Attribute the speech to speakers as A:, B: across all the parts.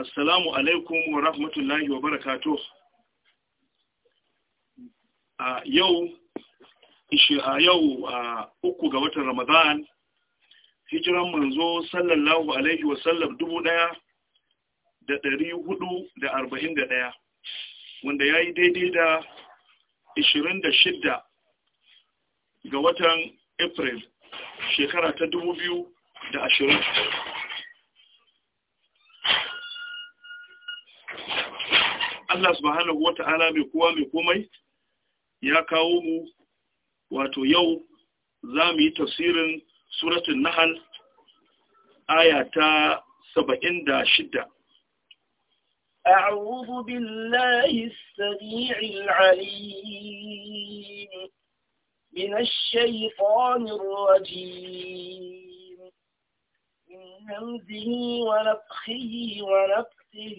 A: assalamu alaikum wa rahmatullahi wa barakato. a yau a yau a uku ga watan ramadan hijiran manzo sallallahu alaihi wa sallam dubu daya da dari hudu da arba'in da daya wanda ya yi daidai da ishirin da shidda ga watan april shekara ta dubu biyu da ashirin Allah subhanahu ta'ala mai kowa mai komai ya kawo mu wato yau za mu yi tafsirin suratun nahal aya ta saba'in da shidda
B: أعوذ بالله السميع العليم من الشيطان الرجيم من همزه ونفخه ونفسه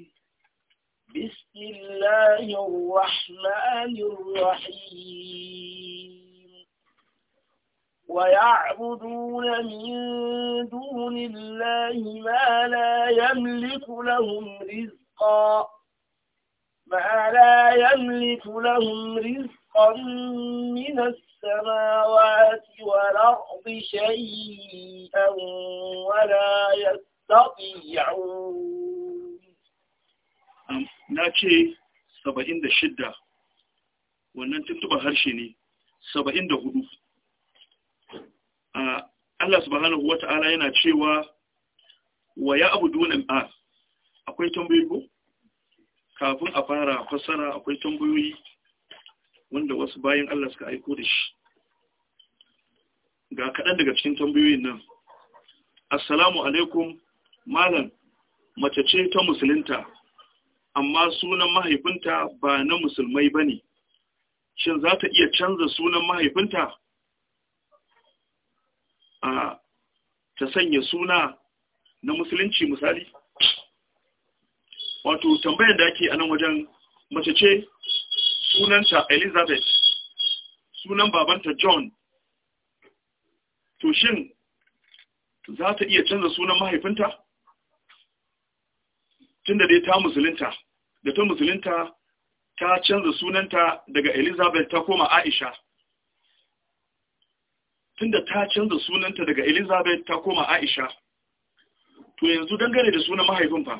B: بسم الله الرحمن الرحيم ويعبدون من دون الله ما لا يملك لهم رزقا ما لا يملك لهم رزقا من السماوات والأرض شيئا ولا يستطيعون
A: na ce saba'in da shidda wannan tuntuɓar harshe ne saba'in da hudu Allah subhanahu wa ta'ala yana cewa wa ya abu dunan a akwai tambayi ko? kafin a fara fassara akwai tambayoyi wanda wasu bayan Allah suka aiko da shi ga kaɗan daga cikin tambayoyin nan assalamu alaikum malam mace ce ta musulunta amma sunan mahaifinta ba na musulmai ba ne shin za ta iya canza sunan mahaifinta a ta sanya suna na musulunci misali wato tambayar da ake a nan wajen mace ce sunanta elizabeth sunan babanta john to shin za ta iya canza sunan mahaifinta tunda dai ta musulunta da ta musulunta ta canza sunanta daga Elizabeth ta koma Aisha tunda ta canza sunanta daga Elizabeth ta koma Aisha to yanzu dangane da sunan mahaifin fa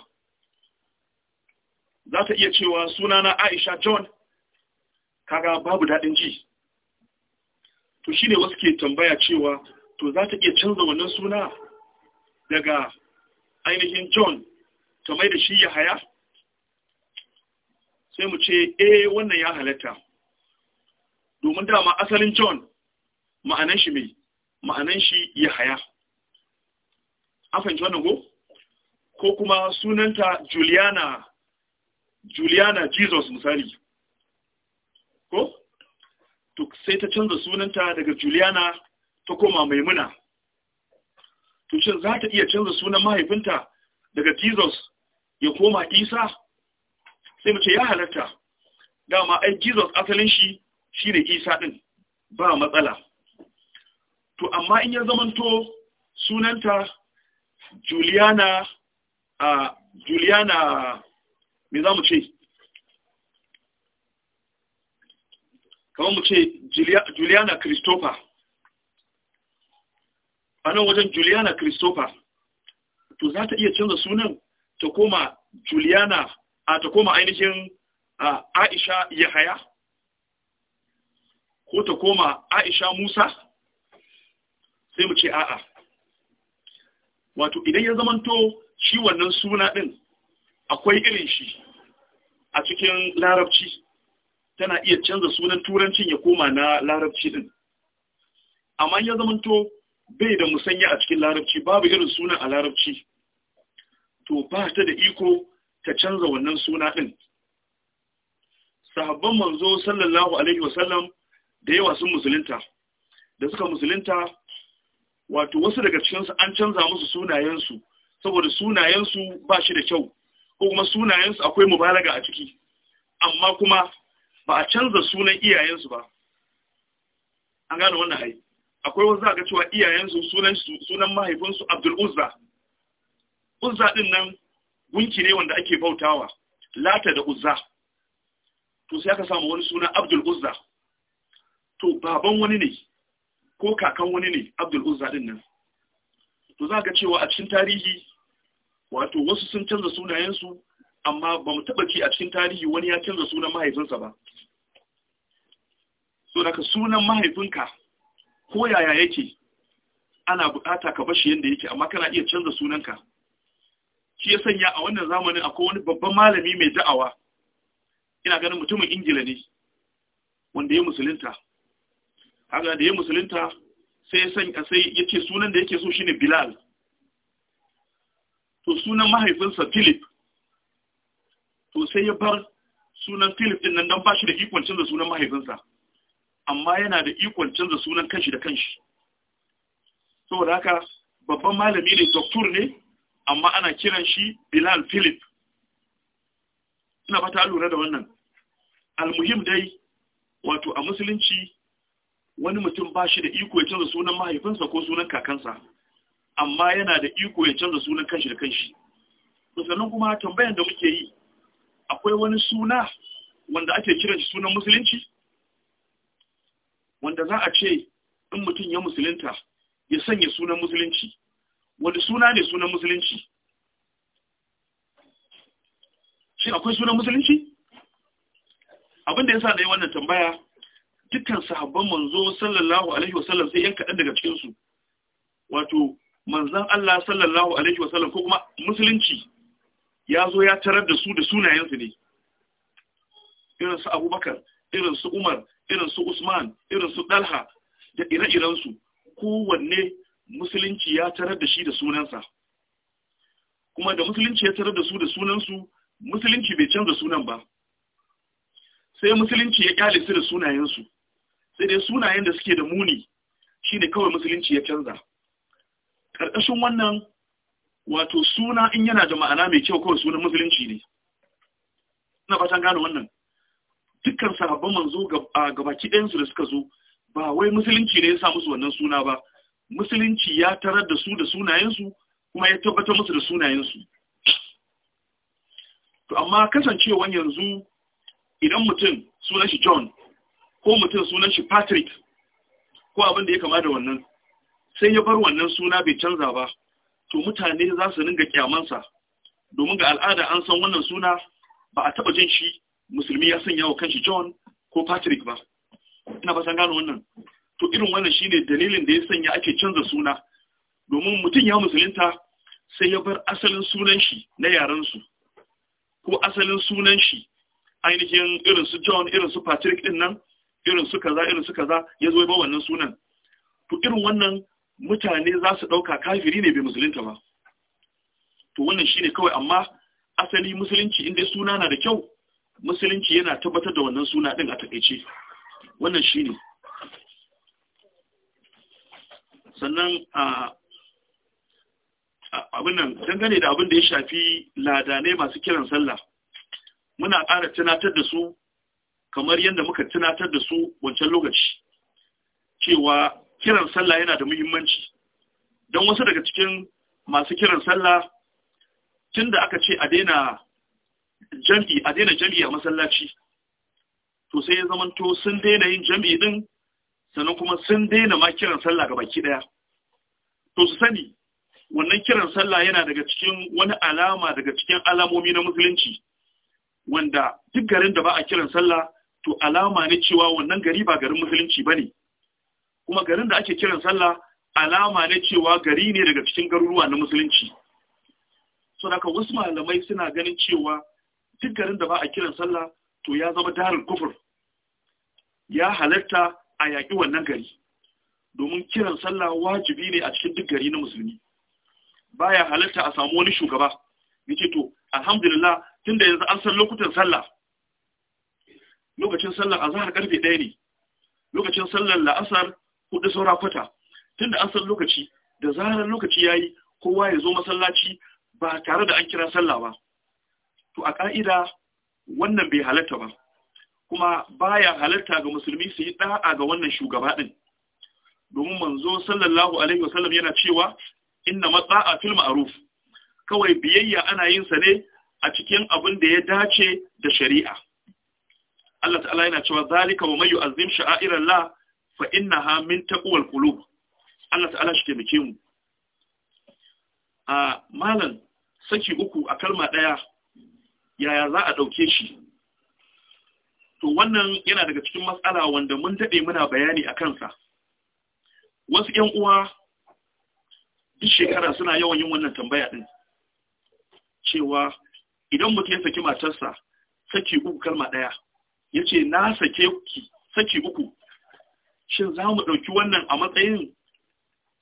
A: za ta iya cewa sunana Aisha John kaga babu dadin ji to shine wasu ke tambaya cewa to za ta iya canza wannan suna daga ainihin John ta mai da shi ya haya sai mu ce eh wannan ya halatta domin dama asalin john ma'anan shi mai ma'anan shi ya haya Afin John go ko kuma sunanta juliana juliana jesus misali ko to sai ta canza sunanta daga juliana ta koma maimuna to shin za ta iya canza sunan mahaifinta daga jesus ya koma isa sai mace ya halatta dama ai jesus asalin shi shi ne isa din ba matsala to amma in ya zamanto sunanta juliana a juliana me za mu ce kamar mu ce juliana christopher a nan wajen juliana christopher to za ta iya canza sunan ta koma Juliana a ta koma ainihin Aisha Yahaya ko ta koma Aisha Musa sai mu ce a'a wato idan ya zamanto shi wannan suna din akwai irin shi a cikin larabci tana iya canza sunan turancin ya koma na larabci din amma ya zamanto bai da musanya a cikin larabci babu irin suna a larabci to ba ta da iko ta canza wannan suna ɗin sahabban manzo sallallahu alaihi wasallam da yawa sun musulunta da suka musulunta wato wasu daga cikinsu an canza musu sunayensu saboda sunayensu ba shi da kyau ko kuma sunayensu akwai mubalaga a ciki amma kuma ba a canza sunan iyayensu ba an gane wannan ai akwai wasu za ga cewa iyayensu sunan mahaifinsu abdul uzza uzza din nan gunki ne wanda ake bautawa lata da uzza to sai aka samu wani suna abdul uzza to baban wani ne ko kakan wani ne abdul uzza din nan to za ga cewa a cikin tarihi wato wasu sun canza sunayensu amma ba mu taba ci a cikin tarihi wani ya canza sunan mahaifinsa ba so daga sunan mahaifinka ko yaya yake ana bukata ka bashi yanda yake amma kana iya canza sunanka shi ya sanya a wannan zamanin akwai wani babban malami mai da'awa ina ganin mutumin ingila ne wanda ya musulunta haka da ya musulunta sai ya sanya sai ya ce sunan da yake so shine bilal to sunan mahaifinsa philip to sai ya bar sunan philip din nan don ba shi da ikon canza sunan mahaifinsa amma yana da ikon canza sunan kanshi da kanshi saboda haka babban malami ne doktor ne amma ana kiran shi Bilal Philip ina ba ta lura da wannan almuhim dai wato a musulunci wani mutum ba shi da iko ya canza sunan mahaifinsa ko sunan kakansa amma yana da iko ya canza sunan kanshi da kanshi sannan kuma tambayan da muke yi akwai wani suna wanda ake kiran shi sunan musulunci wanda za a ce in mutum ya musulunta ya sanya sunan musulunci wani suna ne sunan musulunci shi akwai sunan musulunci abinda yasa da yi wannan tambaya dukkan sahabban manzo sallallahu alaihi wasallam sai yan kaɗan daga cikinsu wato manzan Allah sallallahu alaihi wasallam ko kuma musulunci ya zo ya tarar da su da sunayensu ne irin su abubakar irin su umar irin su usman irin su dalha da ire-irensu kowanne musulunci ya tarar da shi da sunansa kuma da musulunci ya tarar da su da sunansu musulunci bai canza sunan ba sai musulunci ya kyale su da sunayensu sai dai sunayen da suke da muni shine kawai musulunci ya canza ƙarƙashin wannan wato suna in yana da ma'ana mai kyau kawai sunan musulunci ne ina fatan gano wannan dukkan sahabban manzo ga baki ɗayansu da suka zo ba wai musulunci ne ya sa musu wannan suna ba musulunci ya tarar da su da sunayensu kuma ya tabbatar musu da sunayensu to amma kasancewan yanzu idan mutum sunan shi John ko mutum sunan shi Patrick ko abin da ya kama da wannan sai ya bar wannan suna bai canza ba to mutane za su ringa kyamansa domin ga al'ada an san wannan suna ba a taba jin shi musulmi ya sanya wa kanshi John ko Patrick ba ina ba san gano wannan to irin wannan shine dalilin da ya sanya ake canza suna domin mutum ya musulunta sai ya bar asalin sunan shi na yaran su ko asalin sunan shi ainihin irin su John irin su Patrick din nan irin su kaza irin su kaza ya zo ba wannan sunan to irin wannan mutane za su dauka kafiri ne bai musulunta ba to wannan shine kawai amma asali musulunci inda suna na da kyau musulunci yana tabbatar da wannan suna din a takeice wannan shine sannan a abin nan dangane da abin da ya shafi ladanai masu kiran sallah muna ƙara tunatar da su kamar yadda muka tunatar da su wancan lokaci cewa kiran sallah yana da muhimmanci don wasu daga cikin masu kiran sallah tun da aka ce a daina jam'i a daina jam'i a masallaci to sai ya zamanto sun daina yin jam'i din sannan kuma sun daina ma kiran sallah ga baki ɗaya. to su sani wannan kiran sallah yana daga cikin wani alama daga cikin alamomi na musulunci wanda duk garin da ba a kiran sallah to alama ne cewa wannan gari ba garin musulunci bane kuma garin da ake kiran sallah alama ne cewa gari ne daga cikin garuruwa na musulunci so da wasu malamai suna ganin cewa duk garin da ba a kiran sallah to ya zama darul kufur ya halarta a yaƙi wannan gari domin kiran sallah wajibi ne a cikin duk gari na musulmi Ba ya halatta a samu wani shugaba yace to alhamdulillah tunda yanzu an san lokutan sallah lokacin sallar azhar karfe ɗaya ne lokacin sallar la'asar hudu saura kwata tunda an san lokaci da zarar lokaci yayi kowa ya zo masallaci ba tare da an kira sallah ba to a ƙa'ida wannan bai halatta ba kuma baya halarta ga musulmi su yi ɗa'a ga wannan shugaba din domin manzo sallallahu alaihi wasallam yana cewa inna matsa'a fil ma'ruf kawai biyayya ana yin sa ne a cikin abin da ya dace da shari'a Allah ta'ala yana cewa zalika wa mayu azim sha'airallah fa innaha min taqwal qulub Allah ta'ala shi ke mu a ah, malam saki uku a kalma daya yaya za a dauke shi to wannan yana daga cikin matsala wanda mun daɗe muna bayani a kansa wasu ‘yan uwa duk shekara suna yawan yin wannan tambaya ɗin cewa idan mutum ya saki matarsa saki uku kalma ɗaya ya ce na sake ki saki uku shin za mu ɗauki wannan a matsayin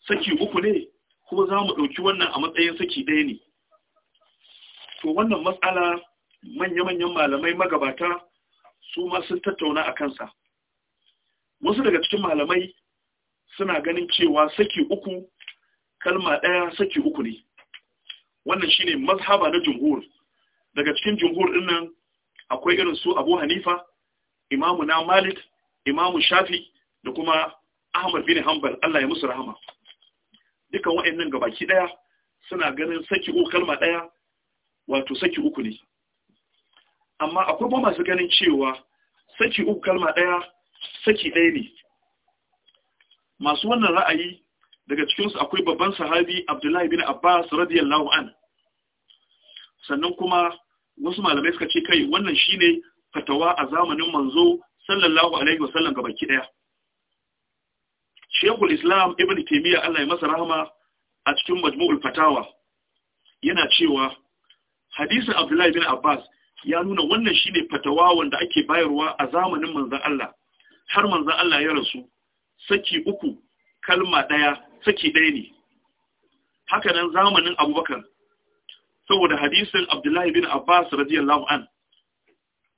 A: saki uku ne ko za mu ɗauki wannan a matsayin saki ɗaya ne to wannan matsala manya-manyan malamai magabata su ma sun tattauna a kansa wasu daga cikin malamai suna ganin cewa saki uku kalma ɗaya saki uku ne wannan shine mazhaba na jumhur daga cikin jumhur din nan akwai irin su Abu Hanifa Imamu na Malik Imamu Shafi da kuma Ahmad bin Hanbal Allah ya musu rahama dukan waɗannan gabaki ɗaya suna ganin saki uku kalma ɗaya wato saki uku ne amma akwai kuma masu ganin cewa saki uku kalma ɗaya saki ɗaya ne masu wannan ra'ayi daga cikinsu akwai babban sahabi abdullahi bin abbas radiyallahu an sannan kuma wasu malamai suka ce kai wannan shine fatawa a zamanin manzo sallallahu alaihi wasallam ga baki ɗaya. shekul islam ibn taimiyya allah ya masa rahama a cikin majmu'ul fatawa yana cewa hadisin abdullahi bin abbas ya nuna wannan shi ne fatawa wanda ake bayarwa a zamanin manzan Allah har manzan Allah ya rasu saki uku kalma daya saki daya ne haka nan zamanin Abubakar saboda hadisin Abdullahi bin Abbas radiyallahu an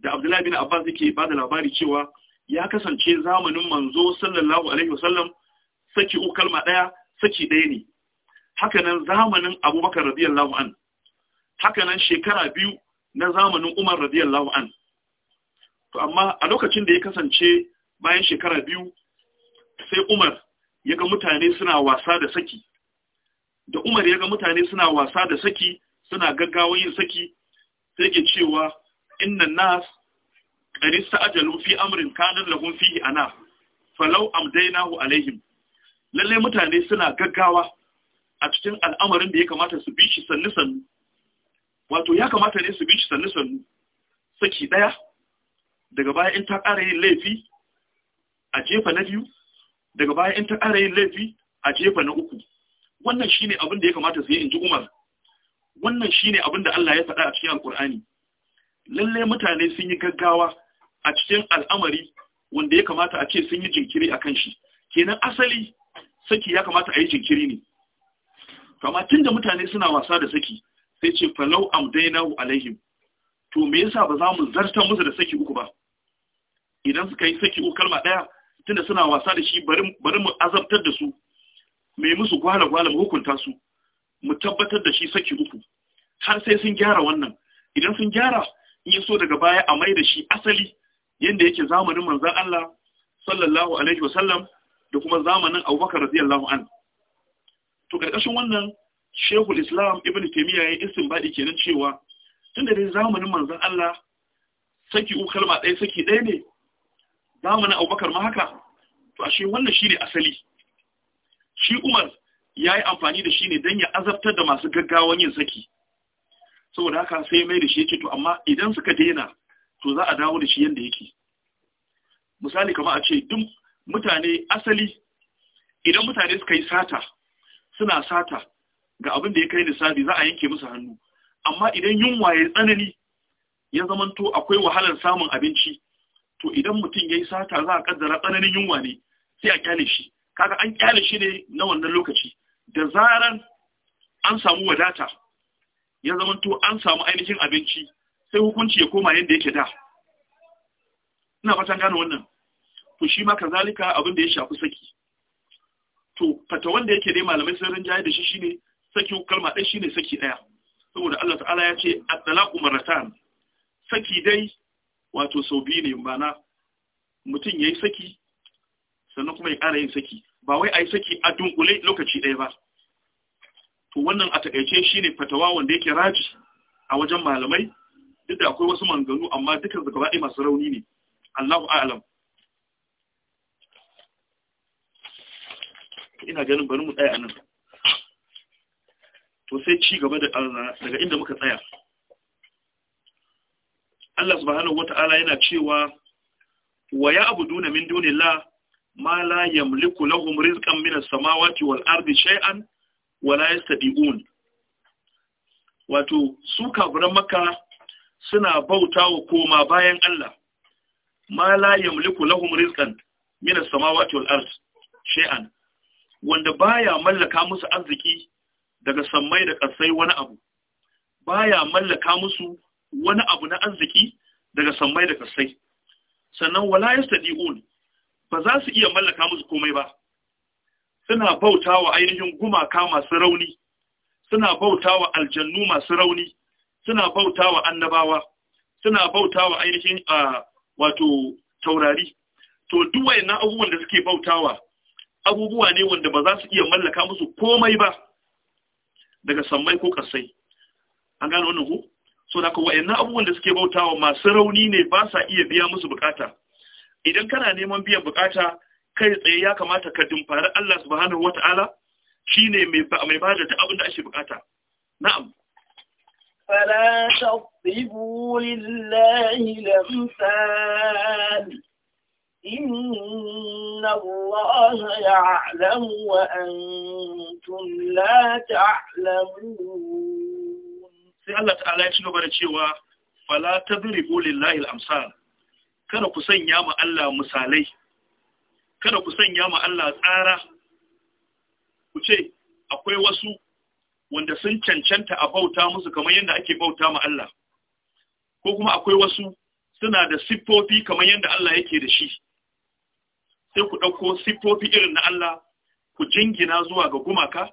A: da Abdullahi bin Abbas yake ba da labari cewa ya kasance zamanin manzo sallallahu alaihi wasallam saki uku kalma daya saki daya ne haka nan zamanin Abubakar radiyallahu an haka nan shekara biyu na zamanin Umar radiyallahu an to amma a lokacin da ya kasance bayan shekara biyu sai Umar ya ga mutane suna wasa da saki da Umar ya ga mutane suna wasa da saki suna gaggawa yin saki sai ke cewa inna nas qad ajalu fi amrin kana lahum fihi ana falau amdainahu alaihim Lallai mutane suna gaggawa a cikin al'amarin da ya kamata su bi shi sannu sannu wato ya kamata ne su bi sannu-sannu saki ɗaya daga baya in ta ƙara yin laifi a jefa na biyu daga baya in ta ƙara yin laifi a jefa na uku wannan shine abin da ya kamata su yi in ji umar wannan shine abin da Allah ya faɗa a cikin alƙur'ani lalle mutane sun yi gaggawa a cikin al'amari wanda ya kamata a ce sun yi jinkiri a kan shi kenan asali saki ya kamata a yi jinkiri ne kama tun da mutane suna wasa da saki sai ce falau wa alaihim to me yasa ba za mu zarta musu da saki uku ba idan suka yi saki uku kalma daya tunda suna wasa da shi bari mu azabtar da su me musu gwala gwala mu hukunta su mu tabbatar da shi saki uku har sai sun gyara wannan idan sun gyara in so daga baya a mai da shi asali yanda yake zamanin manzon Allah sallallahu alaihi wasallam da kuma zamanin Abubakar radiyallahu an to karkashin wannan shehul islam ibn taimiyya ya yi istinbadi kenan cewa tun da dai zamanin manzon Allah saki u kalma ɗaya saki ɗaya ne zamanin abubakar ma haka to ashe wannan shine asali shi umar ya yi amfani da shi ne don ya azabtar da masu gaggawan yin saki saboda haka sai mai da shi yake to amma idan suka daina to za a dawo da shi yadda yake misali kama a ce duk mutane asali idan mutane suka yi sata suna sata ga abin da ya kai nisabi za a yanke musu hannu amma idan yunwa ya tsanani ya zamanto akwai wahalar samun abinci to idan mutum ya yi sata za a kaddara tsananin yunwa ne sai a kyale shi kaga an kyale shi ne na wannan lokaci da zaran an samu wadata ya zamanto an samu ainihin abinci sai hukunci ya koma yadda yake da ina fatan gane wannan to shi ma kazalika abin da ya shafi saki to fata wanda yake dai malamai sun rinjaye da shi shine saki kalma ɗaya shine saki ɗaya saboda Allah ta'ala ya ce at-talaqu marratan saki dai wato sau biyu ne ma'ana mutum ya yi saki sannan kuma ya ƙara yin saki ba wai a yi saki a dunkule lokaci ɗaya ba to wannan a takaice shine fatawa wanda yake raji a wajen malamai duk da akwai wasu manganu amma dukkan su gabaɗaya masu rauni ne Allahu a'lam ina ganin bari mu tsaya anan to sai ci gaba da daga inda muka tsaya Allah subhanahu wata'ala yana cewa wa ya'buduna min dunillah ma la yamliku lahum rizqan min as-samawati wal ardi shay'an wa la yastati'un wato su kafiran makka suna bautawa koma bayan Allah ma la yamliku lahum rizqan min as-samawati wal ardi shay'an wanda baya mallaka musu arziki daga sammai da ƙasai wani abu baya mallaka musu wani abu na arziki daga sammai da ƙasai sannan wala yastadi'un ba za su iya mallaka musu komai ba suna bautawa ainihin gumaka masu rauni suna bautawa aljannu masu rauni suna bautawa annabawa suna bautawa ainihin wato taurari to duk wayannan abubuwan da suke bautawa abubuwa ne wanda ba za su iya mallaka musu komai ba daga sammai ko kasai an gane wannan ku so da ka wa'annan abubuwan da suke bautawa masu rauni ne ba sa iya biya musu bukata idan kana neman biyan bukata kai tsaye ya kamata ka dimfari Allah subhanahu wata'ala shine mai mai bada duk abin da ake bukata na'am
B: fala tasbihu lillahi lamsal إن الله يعلم وأنتم لا تعلمون
A: sai Allah ta'ala ya ci gaba da cewa fala tadribu lillahi al-amsal kada ku sanya ma Allah misalai kada ku sanya ma Allah tsara ku ce akwai wasu wanda sun cancanta a bauta musu kamar yadda ake bauta ma Allah ko kuma akwai wasu suna da siffofi kamar yadda Allah yake da shi sai ku ɗauko siffofi irin na Allah ku jingina zuwa ga gumaka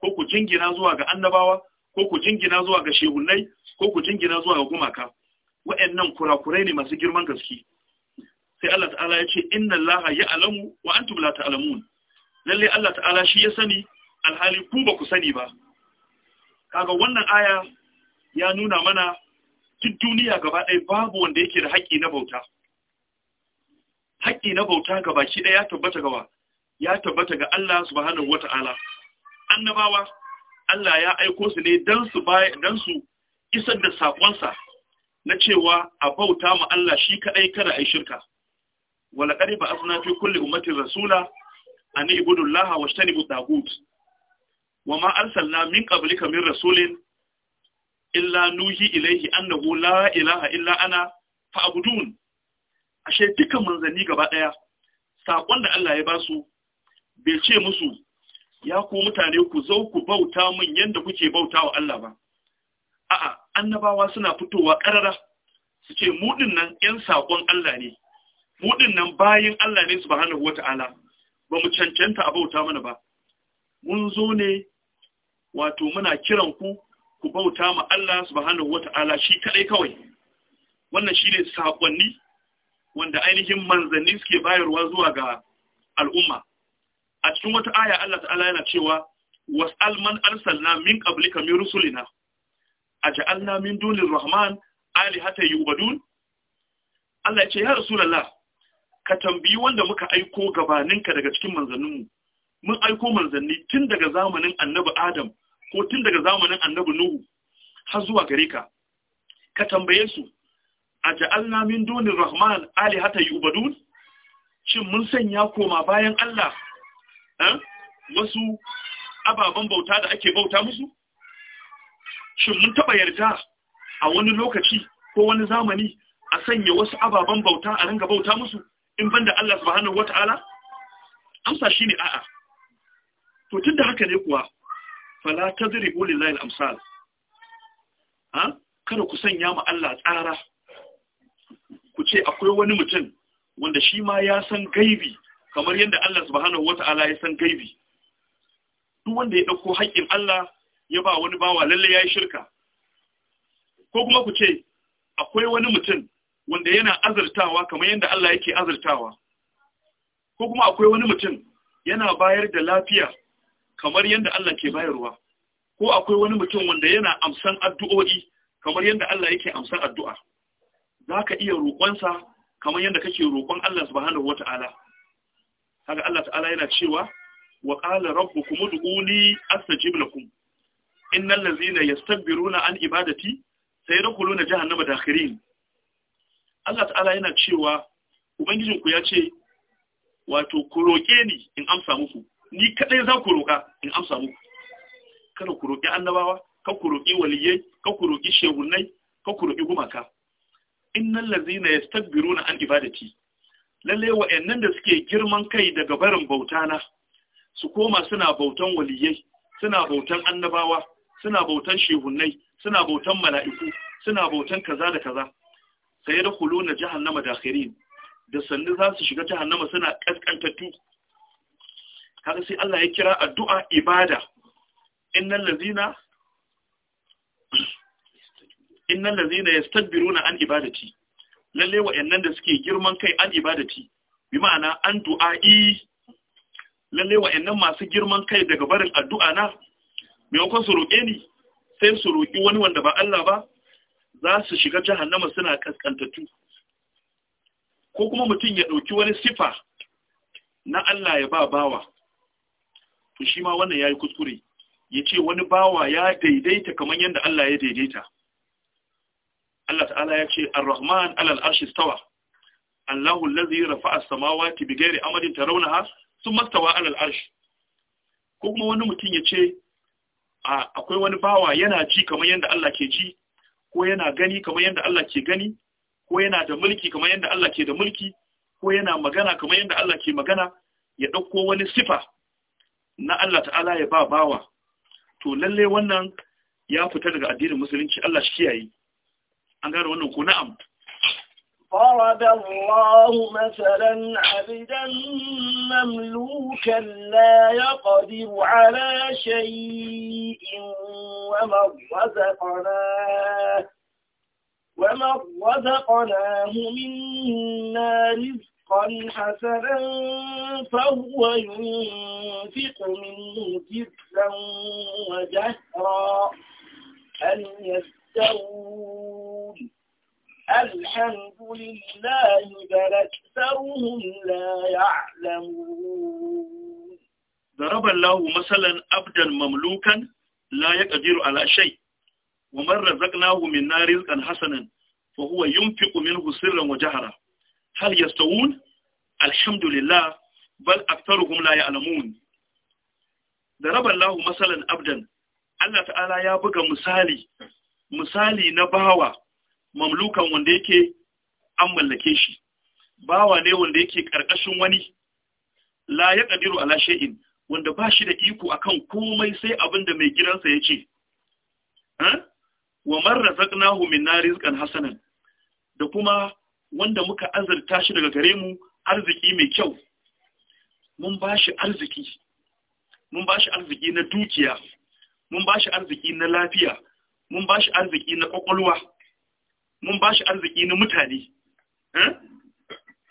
A: ko ku jingina zuwa ga annabawa ko ku jingina zuwa ga shehunai ko ku jingina zuwa ga gumaka wa'annan kurakurai ne masu girman gaske sai Allah ta'ala ya ce inna Allah ya alamu wa antum la ta'lamun lalle Allah ta'ala shi ya sani alhali ku ba ku sani ba kaga wannan aya ya nuna mana duk duniya gaba ɗaya babu wanda yake da haƙƙi na bauta haƙƙi na bauta ga baki ɗaya ya tabbata gawa ya tabbata ga Allah subhanahu wata'ala annabawa Allah ya aiko su ne dan su dan su isar da sakonsa na cewa a bauta mu Allah shi kadai kada ai shirka wala qad ba'athna fi kulli ummatin rasula an ibudu Allah wa shtanibu tagut wa ma arsalna min qablika min rasulin illa nuhi ilayhi annahu la ilaha illa ana fa'budun ashe duka manzanni gaba ɗaya saƙon da Allah ya basu bai ce musu ya ku mutane ku zo ku bauta min yadda kuke bauta wa Allah ba a'a annabawa suna fitowa ƙarara su ce mu nan ƴan saƙon Allah ne mu nan bayin Allah ne subhanahu wata'ala ba mu cancanta a bauta mana ba mun zo ne wato muna kiran ku ku bauta ma Allah subhanahu wata'ala shi kadai kawai wannan shine saƙonni? wanda ainihin manzanni suke bayarwa zuwa ga al'umma a cikin wata aya Allah ta'ala yana cewa was'al man arsalna min qablika min rusulina aj'alna min dunir rahman alihata yubadun Allah ya ce ya rasulullah ka tambayi wanda muka aiko gabaninka daga cikin manzanninmu mun aiko manzanni tun daga zamanin annabi adam ko tun daga zamanin annabi nuhu har zuwa gare ka ka tambaye su a ja'alna min dunin rahman Ali alihata yubadun shin mun sanya koma bayan Allah eh, wasu ababen bauta da ake bauta musu shin mun taba yarda a wani lokaci ko wani zamani a sanya wasu ababen bauta a ringa bauta musu in banda Allah subhanahu wata'ala amsa shine a'a to tunda haka ne kuwa fala tadribu lillahi al-amsal ha ah, kada ku sanya ma Allah tsara ku ce akwai wani mutum wanda shi ma ya san gaibi kamar yadda Allah subhanahu wata'ala ya san gaibi duk wanda ya dauko haƙƙin Allah ya ba wani bawa lalle yayi shirka ko kuma ku ce akwai wani mutum wanda yana azurtawa kamar yadda Allah yake azurtawa ko kuma akwai wani mutum yana bayar da lafiya kamar yadda Allah ke bayarwa ko akwai wani mutum wanda yana amsan addu'o'i kamar yadda Allah yake amsan addu'a za ka iya roƙonsa kamar yadda kake roƙon Allah subhanahu wa ta'ala Haka Allah ta'ala yana cewa wa qala In nan lanzi na ya ladzina runa an ibadati sai na sayadkhuluna jahannama dakhirin Allah ta'ala yana cewa ubangijinku ya ce wato ku roƙe ni in amsa muku ni kaɗai za ku roƙa in amsa muku kada ku roƙi annabawa ka ku roƙi waliyai ka ku roƙi shehunai ka ku roƙi gumaka innal ladzina yastakbiruna an ibadati lalle wa'annan da suke girman kai daga barin bauta na? su koma suna bautan waliyai suna bautan annabawa suna bautan shehunnai suna bautan mala'iku suna bautan kaza da kaza sai da kuluna jahannama dakhirin da sannu za su shiga jahannama suna kaskantattu kaga sai Allah ya kira addu'a ibada innal ladzina innal ladzina yastakbiruna an ibadati lalle wa'annan da suke girman kai an ibadati bi ma'ana an du'a'i lalle wa'annan masu girman kai daga barin addu'a na maimakon su roƙe ni sai su roƙi wani wanda ba Allah ba za su shiga jahannama suna kaskantattu ko kuma mutum ya ɗauki wani sifa na Allah ya ba bawa to shi ma wannan yayi kuskure ya ce wani bawa ya daidaita kamar yadda Allah ya daidaita Allah ta'ala ya ce ar-rahman alal arshi stawa Allahu allazi rafa'a as-samawati bighairi amadin raunaha, thumma stawa alal arshi ko kuma wani mutum ya ce akwai wani bawa yana ji kamar yadda Allah ke ji ko yana gani kamar yadda Allah ke gani ko yana da mulki kamar yadda Allah ke da mulki ko yana magana kamar yadda Allah ke magana ya ɗauko wani sifa na Allah ta'ala ya ba bawa to lalle wannan ya fita daga addinin musulunci Allah shi kiyaye an wannan ko na'am
B: ضرب الله مثلا عبدا مملوكا لا يقدر على شيء ومن رزقناه ومن رزقناه منا رزقا حسنا فهو ينفق منه جزا وجهرا أن يستووا الحمد لله بل أكثرهم لا يعلمون
A: ضرب الله مثلا عبدا مملوكا لا يقدر على شيء ومن رزقناه منا رزقا حسنا فهو ينفق منه سرا وجهرا هل يستوون الحمد لله بل أكثرهم لا يعلمون ضرب الله مثلا عبدا Allah ta'ala ya buga misali misali na bawa mamlukan wanda yake an mallake shi bawa ne wanda yake ƙarƙashin wani la ya ƙadiru ala shay'in wanda ba shi da iko akan komai sai abin da mai gidansa ya ce wa man min na hasanan da kuma wanda muka azurta shi daga gare mu arziki mai kyau mun ba shi arziki mun ba shi arziki na dukiya mun ba shi arziki na lafiya mun ba shi arziki na kwakwalwa mun ba shi arziki na mutane eh?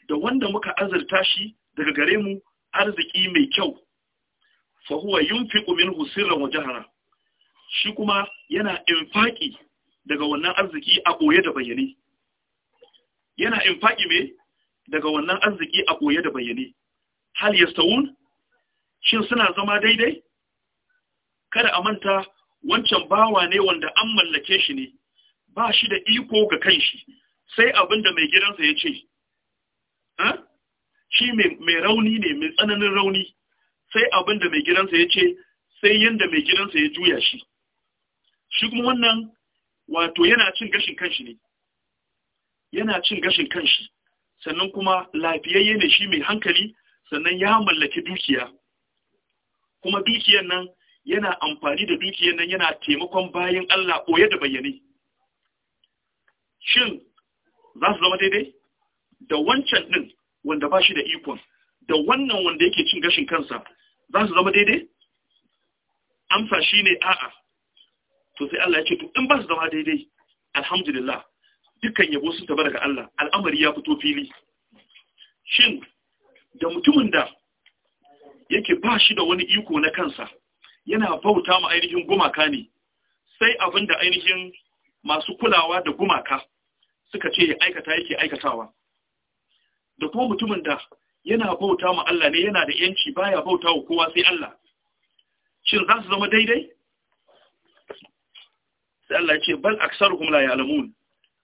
A: da wanda muka azurta shi daga gare mu arziki mai kyau fahuwa yin fi ƙumin sirran wa jihara, shi kuma yana infaki daga wannan arziki a ɓoye da bayyane yana infaƙi mai daga wannan arziki a ɓoye da bayyane hal yastawun shin suna zama daidai kada a manta wancan bawa ne wanda an mallake shi ne ba shi da iko ga kanshi sai abin da mai gidansa ya ce shi mai rauni ne mai tsananin rauni sai abin da mai gidansa ya ce sai yadda mai gidansa ya juya shi shi kuma wannan wato yana cin gashin kanshi ne yana cin gashin kanshi sannan kuma lafiyayye ne shi mai hankali sannan ya mallaki dukiya kuma dukiyan nan yana amfani da dukiyan nan yana taimakon bayan Allah ɓoye da bayyane shin za su zama daidai da wancan ɗin wanda ba shi da ikon da wannan wanda yake cin gashin kansa za su zama daidai amsa shi ne a'a to sai Allah ya ce to in ba su zama daidai alhamdulillah dukkan yabo sun taba daga Allah al'amari ya fito fili shin da mutumin da yake ba shi da wani iko na kansa yana bauta ma ainihin gumaka ne sai abin da ainihin masu kulawa da gumaka suka ce ya aikata yake aikatawa da kuma mutumin da yana bauta ma Allah ne yana da yanci baya bauta wa kowa sai Allah shin za su zama daidai sai Allah ya ce bal aksaruhum la ya'lamun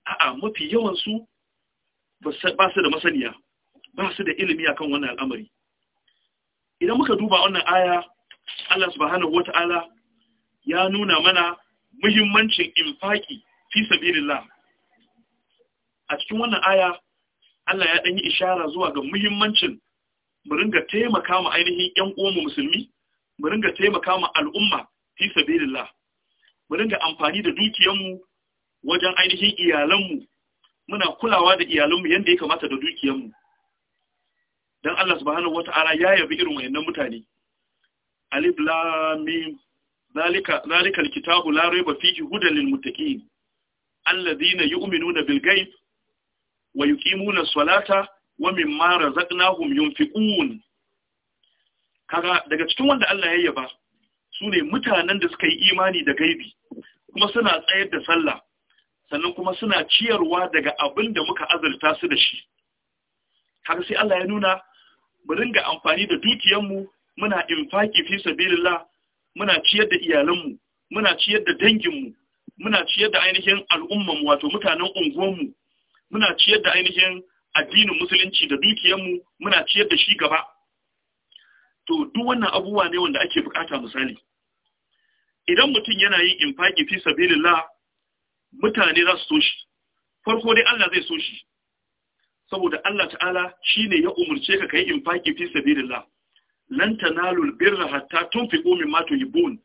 A: a'a mafi yawan su ba su da masaniya ba su da ilimi akan wannan al'amari idan muka duba wannan aya Allah subhanahu wata'ala ya nuna mana muhimmancin infaki fi sabilillah a cikin wannan aya Allah ya yi ishara zuwa ga muhimmancin mu ringa taimaka ma ainihin ƴan uwanmu musulmi mu ringa taimaka ma al'umma fi sabilillah mu ringa amfani da mu wajen ainihin iyalanmu muna kulawa da iyalanmu yadda ya kamata da mu. dan Allah subhanahu wata'ala ya yabi irin wayannan mutane alif lam mim zalika zalika alkitabu la rayba fihi hudan alladhina yu'minuna bil ghaib wa yuqimuna as-salata wa mimma razaqnahum yunfiqun kaga daga cikin wanda Allah ya yaba sune mutanen da suka yi imani da gaibi kuma suna tsayar da sallah sannan kuma suna ciyarwa daga abin da muka azurta su da shi kaga sai Allah ya nuna mu ringa amfani da mu, muna infaki fi sabilillah muna ciyar da iyalanmu muna ciyar da danginmu muna ciyar da ainihin al'ummanmu wato mutanen unguwanmu muna ciyar da ainihin addinin musulunci da dukiyarmu muna ciyar da shi gaba to duk wannan abubuwa ne wanda ake bukata misali idan mutum yana yin infaki fi sabilillah mutane za su so shi farko dai Allah zai so shi saboda Allah ta'ala shine ya umurce ka kai infaki fi sabilillah lan tanalul birra hatta tunfiqu mimma tuhibbun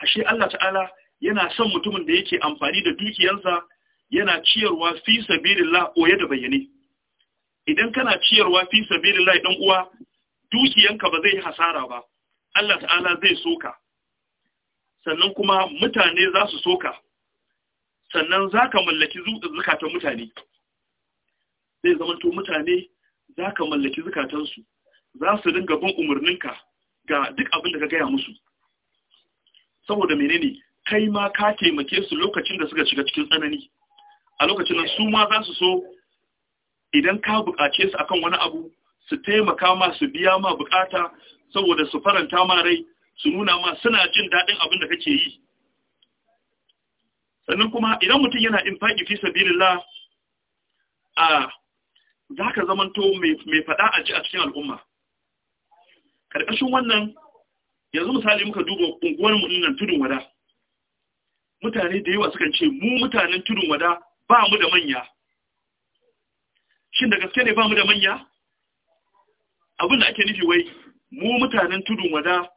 A: ashe Allah ta'ala yana son mutumin da yake amfani da dukiyarsa yana ciyarwa fi sabilillah koye da bayyane idan kana ciyarwa fi sabilillah dan uwa dukiyanka ba zai hasara ba Allah ta'ala zai soka sannan kuma mutane za su soka sannan zaka mallaki zukatan mutane zai zamanto mutane zaka mallaki su za su dinga bin umarninka ga duk abin da ka gaya musu saboda menene kai ma ka taimake su lokacin da suka shiga cikin tsanani a lokacin nan su ma za su so idan ka buƙace su akan wani abu su taimaka ma su biya ma buƙata saboda su faranta ma rai su nuna ma suna jin daɗin abin da kake yi sannan kuma idan mutum yana faɗi fi sabilillah a za ka zamanto mai faɗa a ji a cikin al'umma ƙarƙashin wannan yanzu misali muka duba unguwar mu nan tudun wada mutane da yawa sukan ce mu mutanen tudun wada ba mu da manya shin da gaske ne ba mu da manya abin da ake nufi wai mu mutanen tudun wada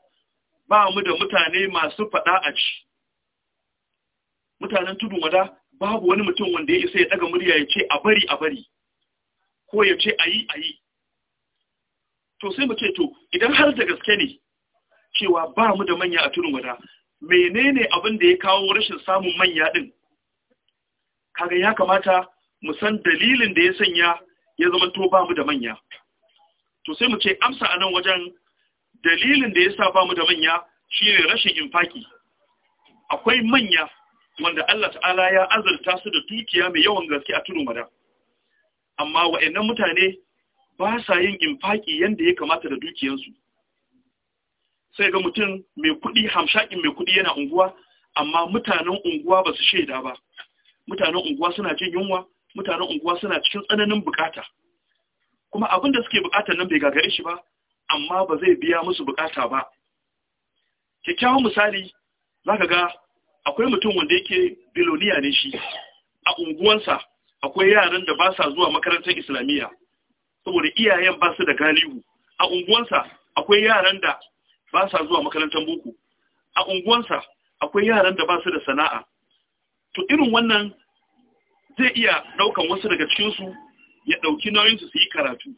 A: ba mu da mutane masu faɗa a ci mutanen tudun wada babu wani mutum wanda ya isa ya daga murya ya ce a bari a bari ko ya ce a yi a yi to sai mu ce to idan har da gaske ne cewa ba mu da manya a tudun wada menene abin da ya kawo rashin samun manya din kaga ya kamata mu san dalilin da ya sanya ya zama to ba mu da manya to sai mu ce amsa a nan wajen dalilin da ya sa ba mu da manya shine rashin infaki akwai manya wanda Allah ta'ala ya azurta su da dukiya mai yawan gaske a tudu madan amma wa'annan mutane ba sa yin infaki yanda ya kamata da dukiyansu sai ga mutum mai kuɗi hamshakin mai kuɗi yana unguwa amma mutanen unguwa ba su shaida ba mutanen unguwa suna jin yunwa mutanen unguwa suna cikin tsananin bukata kuma abin da suke bukatar nan bai gagare shi ba amma ba zai biya musu bukata ba kyakkyawan misali za ka ga akwai mutum wanda yake biloniya ne shi a unguwansa akwai yaran da ba sa zuwa makarantar islamiyya saboda iyayen ba su da galihu a unguwansa akwai yaran da ba sa zuwa makarantar boko a unguwansa akwai yaran da ba su da sana'a to irin wannan zai iya daukan wasu daga cikinsu ya dauki nauyinsu su su yi karatu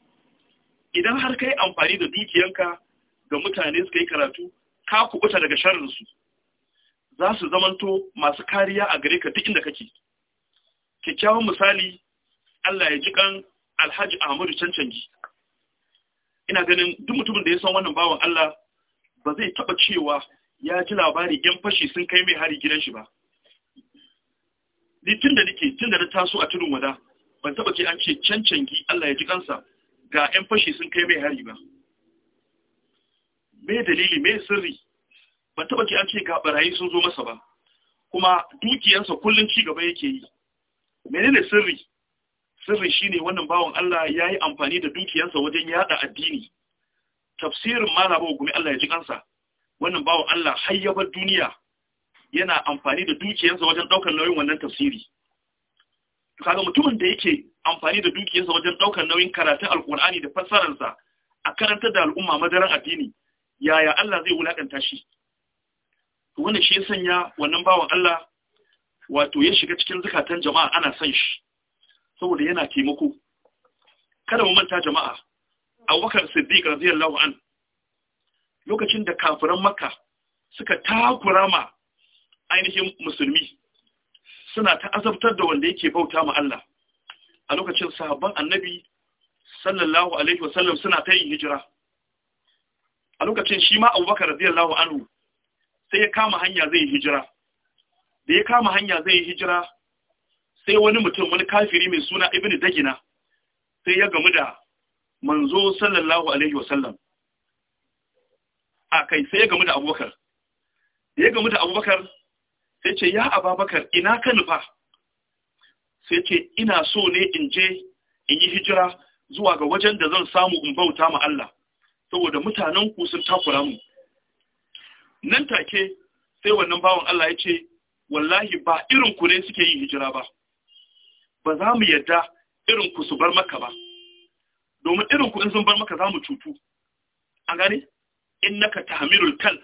A: idan har ka yi amfani da dukiyanka ga mutane suka yi karatu ka kubuta daga sharrinsu za su zamanto masu kariya a gare ka duk inda kake kyakkyawan misali Allah ya ji kan Alhaji Ahmadu cancanji ina ganin duk mutumin da ya san wannan bawan Allah ba zai taba cewa ya ji labari ‘yan fashi sun kai mai hari gidan shi ba. Ni tun da nake tun da na taso a tudun wada, ban taɓa ce an ce cancangi Allah ya ji kansa ga ‘yan fashi sun kai mai hari ba. Me dalili, me sirri, ban taɓa ce an ce ga barayi sun zo masa ba, kuma dukiyarsa kullum ci gaba yake yi. Menene sirri? Sirri shine wannan bawan Allah ya yi amfani da dukiyarsa wajen yada addini. tafsirin malaba gumi Allah ya ji kansa wannan bawan Allah hayyabar duniya yana amfani da dukiyarsa wajen daukar nauyin wannan tafsiri kaga mutumin da yake amfani da dukiyarsa wajen daukar nauyin karatun alkur'ani da fassararsa a karantar da al'umma madaran addini yaya Allah zai wulakanta shi wannan shi ya sanya wannan bawan Allah wato ya shiga cikin zukatan jama'a ana son shi saboda yana taimako kada mu manta jama'a abubakar siddiq radiyallahu an lokacin da kafiran makka suka takura ma ainihin musulmi suna ta azabtar da wanda yake bauta ma Allah a lokacin sahabban annabi sallallahu alaihi wasallam suna ta yin hijira a lokacin shi ma abubakar radiyallahu anhu sai ya kama hanya zai hijira da ya kama hanya zai hijira sai wani mutum wani kafiri mai suna ibnu dagina sai ya gamu da manzo sallallahu alaihi wasallam a kai sai ya gamu da abubakar ya gamu da abubakar sai ce ya ababakar ina ka nufa sai ce ina so ne in je in yi hijira zuwa ga wajen da zan samu in bauta ma Allah saboda mutanen ku sun takura mu nan take sai wannan bawan Allah ya ce wallahi ba irin ku ne suke yin hijira ba ba za mu yarda irin ku su bar maka ba domin irin kuɗin in sun bar maka za mu cutu an gane innaka tahmilul kal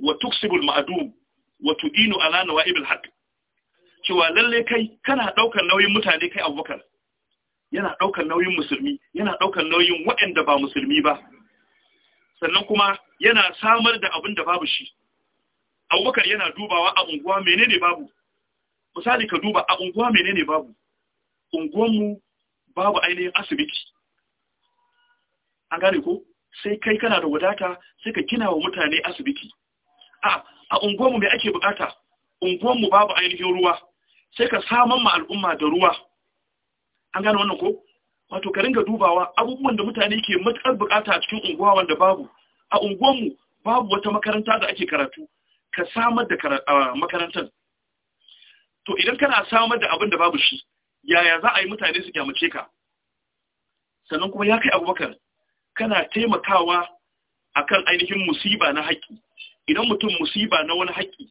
A: wa tuksibul ma'dum wa tu'inu ala nawa'ibil haqq cewa lalle kai kana daukar nauyin mutane kai Abubakar yana daukar nauyin musulmi yana daukar nauyin waɗanda ba musulmi ba sannan kuma yana samar da abin da babu shi Abubakar yana dubawa a unguwa menene babu misali ka duba a unguwa menene babu unguwanmu babu ainihin asibiti an gane ko sai kai kana da wadata sai ka kina wa mutane asibiti a a unguwarmu mai ake bukata unguwarmu babu ainihin ruwa sai ka saman ma al'umma da ruwa an gane wannan ko wato ka ringa dubawa abubuwan da mutane ke matukar bukata a cikin unguwa wanda babu a unguwarmu babu wata makaranta da ake karatu ka samar da makarantar to idan kana samar da abin da babu shi yaya za a yi mutane su gyamace ka sannan kuma ya kai abubakar kana taimakawa akan ainihin musiba na haƙƙi idan mutum musiba na wani haƙƙi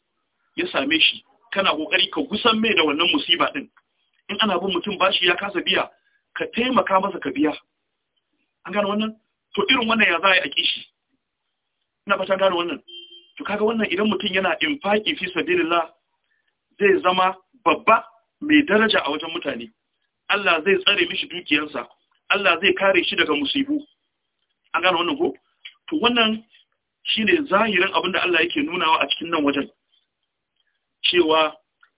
A: ya same shi kana ƙoƙari ka gusan mai da wannan musiba ɗin. in ana bin mutum bashi ya kasa biya ka taimaka masa ka biya an gane wannan to irin wannan ya za a yi a kishi ina fata gane wannan to kaga wannan idan mutum yana imfaki fi sabilillah zai zama babba mai daraja a wajen mutane Allah zai tsare mishi dukiyarsa Allah zai kare shi daga musibu an gane wannan ko to wannan shine zahirin abin da Allah yake nunawa a cikin nan wajen cewa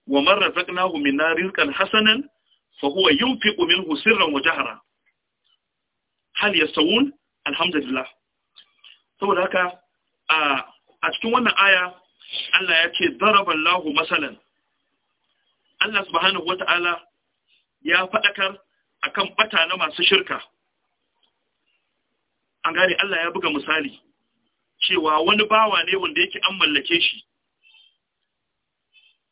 A: wa man razaqnahu minna hasanan fa huwa yunfiqu minhu sirran wa jahra hal yasawun alhamdulillah saboda haka a cikin wannan aya Allah ya ce Allahu masalan Allah subhanahu wata'ala ya faɗakar akan bata na masu shirka an gane Allah ya buga misali cewa wani bawa ne wanda yake an mallake shi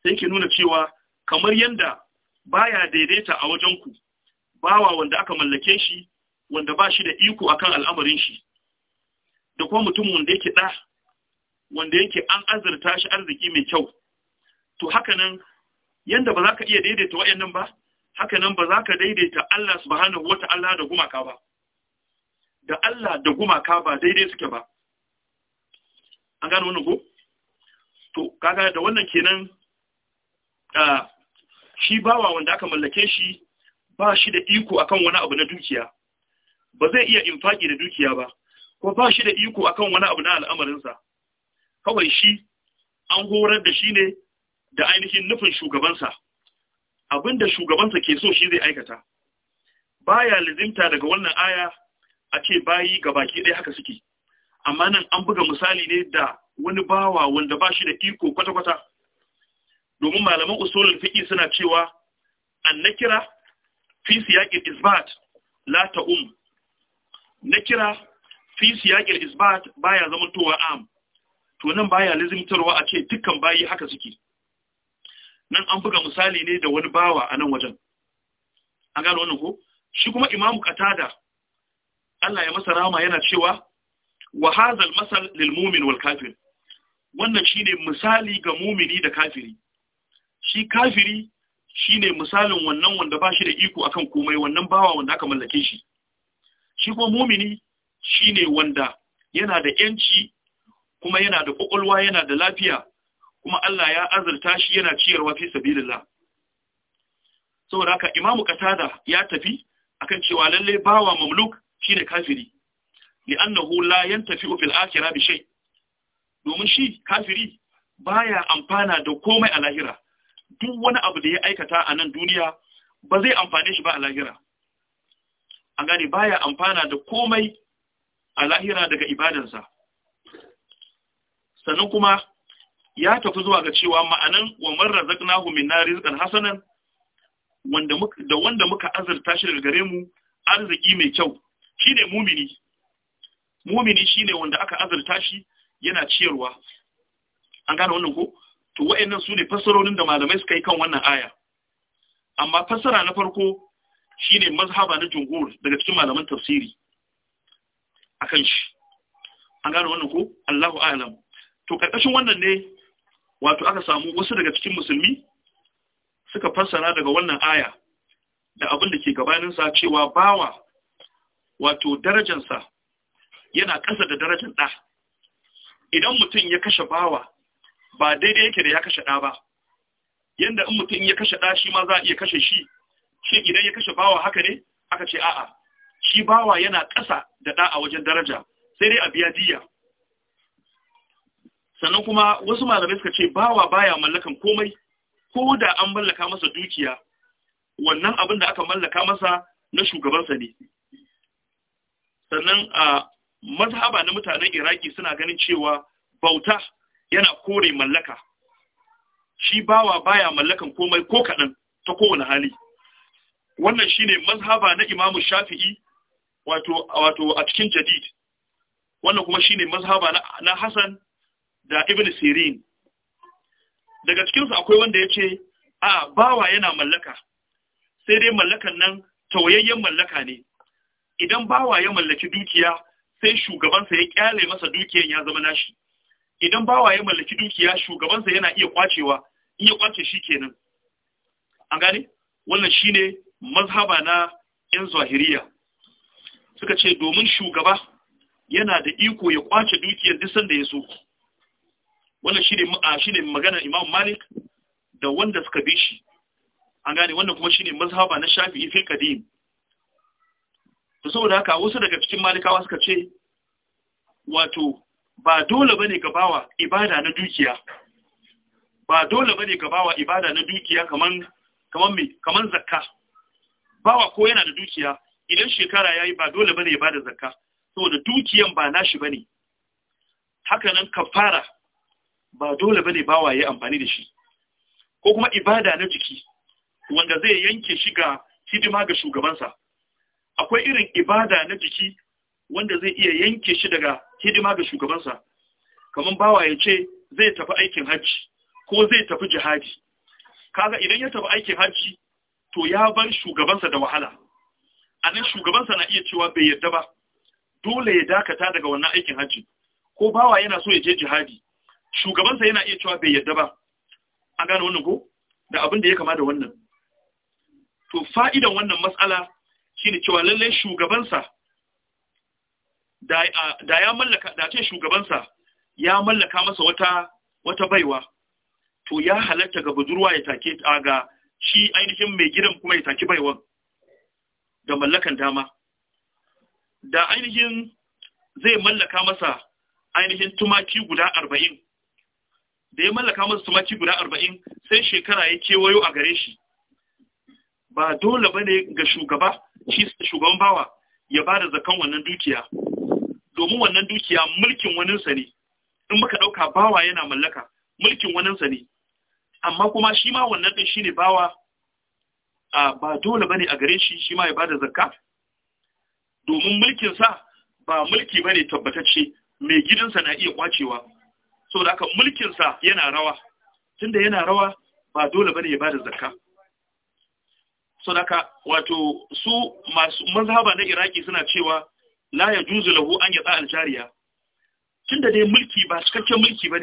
A: sai ke nuna cewa kamar yanda baya daidaita a wajen ku bawa wanda aka mallake shi wanda ba shi da iko akan al'amarin shi da kuma mutum wanda yake da wanda yake an azurta shi arziki mai kyau to hakanan yanda ba za ka iya daidaita wayannan ba hakanan ba za ka daidaita Allah subhanahu Allah da gumaka ba da Allah da gumaka ba daidai suke ba an gano wannan ko to kaga da wannan kenan A shi bawa wanda aka mallake shi ba shi da iko akan wani abu na dukiya ba zai iya infaki da dukiya ba ko ba shi da iko akan wani abu na al'amarinsa kawai shi an horar da shi ne da ainihin nufin shugabansa abinda shugabansa ke so shi zai aikata baya lizimta daga wannan aya a ce bayi ga baki ɗaya haka suke amma nan an buga misali ne da wani bawa wanda ba shi da iko kwata-kwata domin malaman usulun fiƙi suna cewa an na kira fi yaƙin isbat la ta'um Na kira fi yaƙin isbat baya zamantowa am to nan baya lazimtarwa a ce dukkan bayi haka suke nan an buga misali ne da wani bawa a nan wajen an gano wannan ko shi kuma imamu Katada. Allah ya masa rama yana cewa wa hazal masal lil mu'min wal kafir wannan shine misali ga mumini da kafiri shi kafiri shine misalin wannan wanda ba shi da iko akan komai wannan bawa wanda aka mallake shi shi kuma mumini shine wanda yana da yanci kuma yana da kokolwa yana da lafiya kuma Allah ya azurta shi yana ciyarwa fi sabilillah saboda haka imamu katada ya tafi akan cewa lalle bawa mamluk shine kafiri annahu la fi fil akhirah bi shai. domin shi kafiri baya amfana da komai a lahira duk wani abu da ya aikata a nan duniya ba zai amfane shi ba a lahira an gane baya amfana da komai a lahira daga ibadansa sannan kuma ya tafi zuwa ga cewa ma'anan wa marra zaknahu min rizqan hasanan wanda muka da wanda muka azurta shi daga gare mu arziki mai kyau shine mumini mumini shine wanda aka azurta shi yana ciyarwa an gane wannan ko to wa'annan su ne fassarorin da malamai suka yi kan wannan aya amma fassara na farko shine mazhaba na jumhur daga cikin malaman tafsiri akan shi an gane wannan ko Allahu a'lam to karkashin wannan ne wato aka samu wasu daga cikin musulmi suka fassara daga wannan aya da abin da ke gabanin sa cewa bawa wato darajansa yana ƙasa da darajar ɗa idan mutum ya kashe bawa ba daidai yake da ya kashe ɗa ba yanda in mutum ya kashe ɗa shi ma za a iya kashe shi shi idan ya kashe bawa haka ne aka ce a'a shi bawa yana ƙasa da ɗa a wajen daraja sai dai a biya diya sannan kuma wasu malamai suka ce bawa baya mallakan komai ko da an mallaka masa dukiya wannan abin da aka mallaka masa na shugabansa ne sannan a mazhaba na mutanen iraki suna ganin cewa bauta yana kore mallaka shi bawa baya mallakan komai ko kaɗan ta kowane hali wannan shine mazhaba na imamu shafi'i wato a cikin jadid wannan kuma shine mazhaba na Hassan da ibn sirin daga cikinsu akwai wanda ya ce a bawa yana mallaka sai dai mallakan nan tawayayyen mallaka ne idan bawa ya mallaki dukiya sai shugabansa ya kyale masa dukiyan ya zama nashi idan bawa ya mallaki dukiya shugabansa yana iya kwacewa in ya kwace shi kenan an gane wannan shine mazhaba na yan zahiriya suka ce domin shugaba yana da iko ya kwace dukiyar duk sanda ya so wannan shine shine maganar Imam Malik da wanda suka bi shi an gane wannan kuma shine mazhaba na Shafi'i fi qadim to saboda haka wasu daga cikin malikawa suka ce wato ba dole bane ka bawa ibada na dukiya ba dole bane ka bawa ibada na dukiya kaman kaman me kaman zakka bawa ko yana da dukiya idan shekara yayi ba dole bane ya bada zakka saboda dukiyan ba nashi bane haka nan kafara ba dole bane bawa yayi amfani da shi ko kuma ibada na jiki wanda zai yanke shi ga hidima ga shugabansa akwai irin ibada na jiki wanda zai iya yanke shi daga hidima ga shugabansa kamar bawa ya ce zai tafi aikin hajji ko zai tafi jihadi kaga idan ya tafi aikin hajji to ya bar shugabansa da wahala a nan shugabansa na iya cewa bai yarda ba dole ya dakata daga wannan aikin hajji ko bawa yana so ya je jihadi shugabansa yana iya cewa bai yarda ba an gane wannan ko da abin da ya kama da wannan to fa'idan wannan matsala shi ne cewa lallai shugabansa da ya mallaka da ce shugabansa ya mallaka masa wata wata baiwa to ya halatta ga budurwa ya take ga shi ainihin mai gidan kuma ya take baiwan da mallakan dama da ainihin zai mallaka masa ainihin tumaki guda arba'in da ya mallaka masa tumaki guda arba'in sai shekara ya kewayo a gare shi ba dole ba ne ga shugaba shi shugaban bawa ya ba da zakan wannan dukiya domin wannan dukiya mulkin wani ne in muka ɗauka bawa yana mallaka mulkin wani ne amma kuma shi ma wannan ɗin shi ne bawa ba dole ba ne a gare shi shi ma ya ba da zakka domin sa ba mulki ba ne tabbatacce mai gidansa na iya kwacewa saboda haka mulkinsa yana rawa tunda yana rawa ba dole ba ne ya ba da zakka sadaka wato su masu mazhaba na iraki suna cewa la ya juzu lahu an yatsa aljariya tunda dai mulki ba cikakken mulki Ba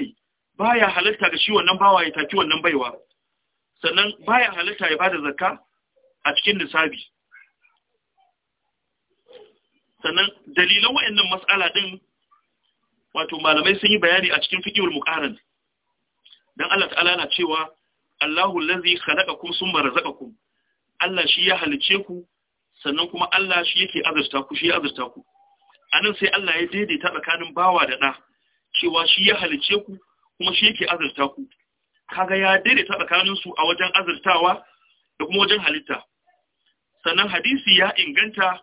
A: baya halarta ga shi wannan bawa ya taki wannan baiwa sannan baya halarta ya bada zakka a cikin nisabi sannan dalilan wayannan mas'ala din wato malamai sun yi bayani a cikin fiqhul muqaran dan Allah ta'ala na cewa Allahu allazi khalaqakum summa razaqakum Allah shi ya halice ku sannan kuma Allah shi yake azurta ku shi ya azurta ku anan sai Allah ya daidaita tsakanin bawa da ɗa cewa shi ya halice ku kuma shi yake azurta ku kaga ya daidaita tsakanin su a wajen azurtawa da kuma wajen halitta sannan hadisi ya inganta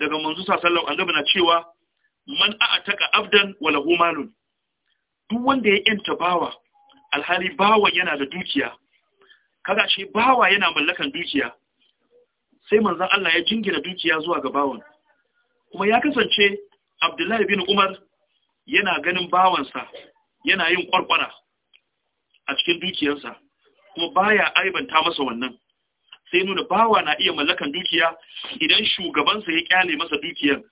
A: daga manzo sallallahu alaihi na cewa man a'ataka abdan wa lahu duk wanda ya yanta bawa alhali bawan yana da dukiya kaga shi bawa yana mallakan dukiya sai manzon Allah ya jingina dukiya zuwa ga bawan kuma ya kasance Abdullahi bin Umar yana ganin bawansa yana yin kwarkwara a cikin dukiyarsa kuma baya aibanta masa wannan sai nuna bawa na iya mallakan dukiya idan shugabansa ya kyale masa dukiyar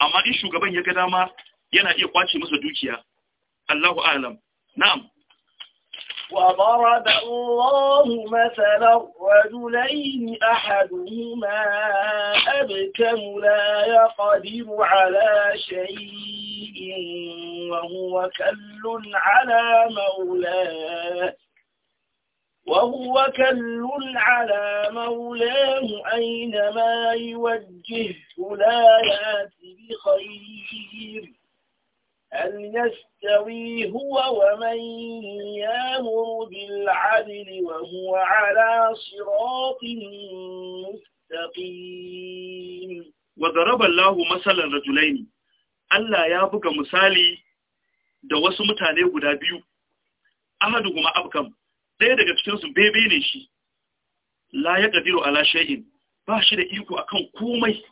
A: amma in shugaban ya ga dama yana iya kwace masa dukiya Allahu alam na'am
B: وضرب الله مثلا رجلين أحدهما أبكم لا يقدر على شيء وهو كل على مولاه وهو كل على مولاه أينما يوجهه لا يأتي بخير هل يستوي هو ومن يامر بالعدل وهو على صراط مستقيم وضرب الله
A: مثلا رجلين Allah ya buga misali da wasu mutane guda biyu ahadu kuma abkam ɗaya daga cikinsu bebe ne shi la ya ala shay'in ba shi da iko akan komai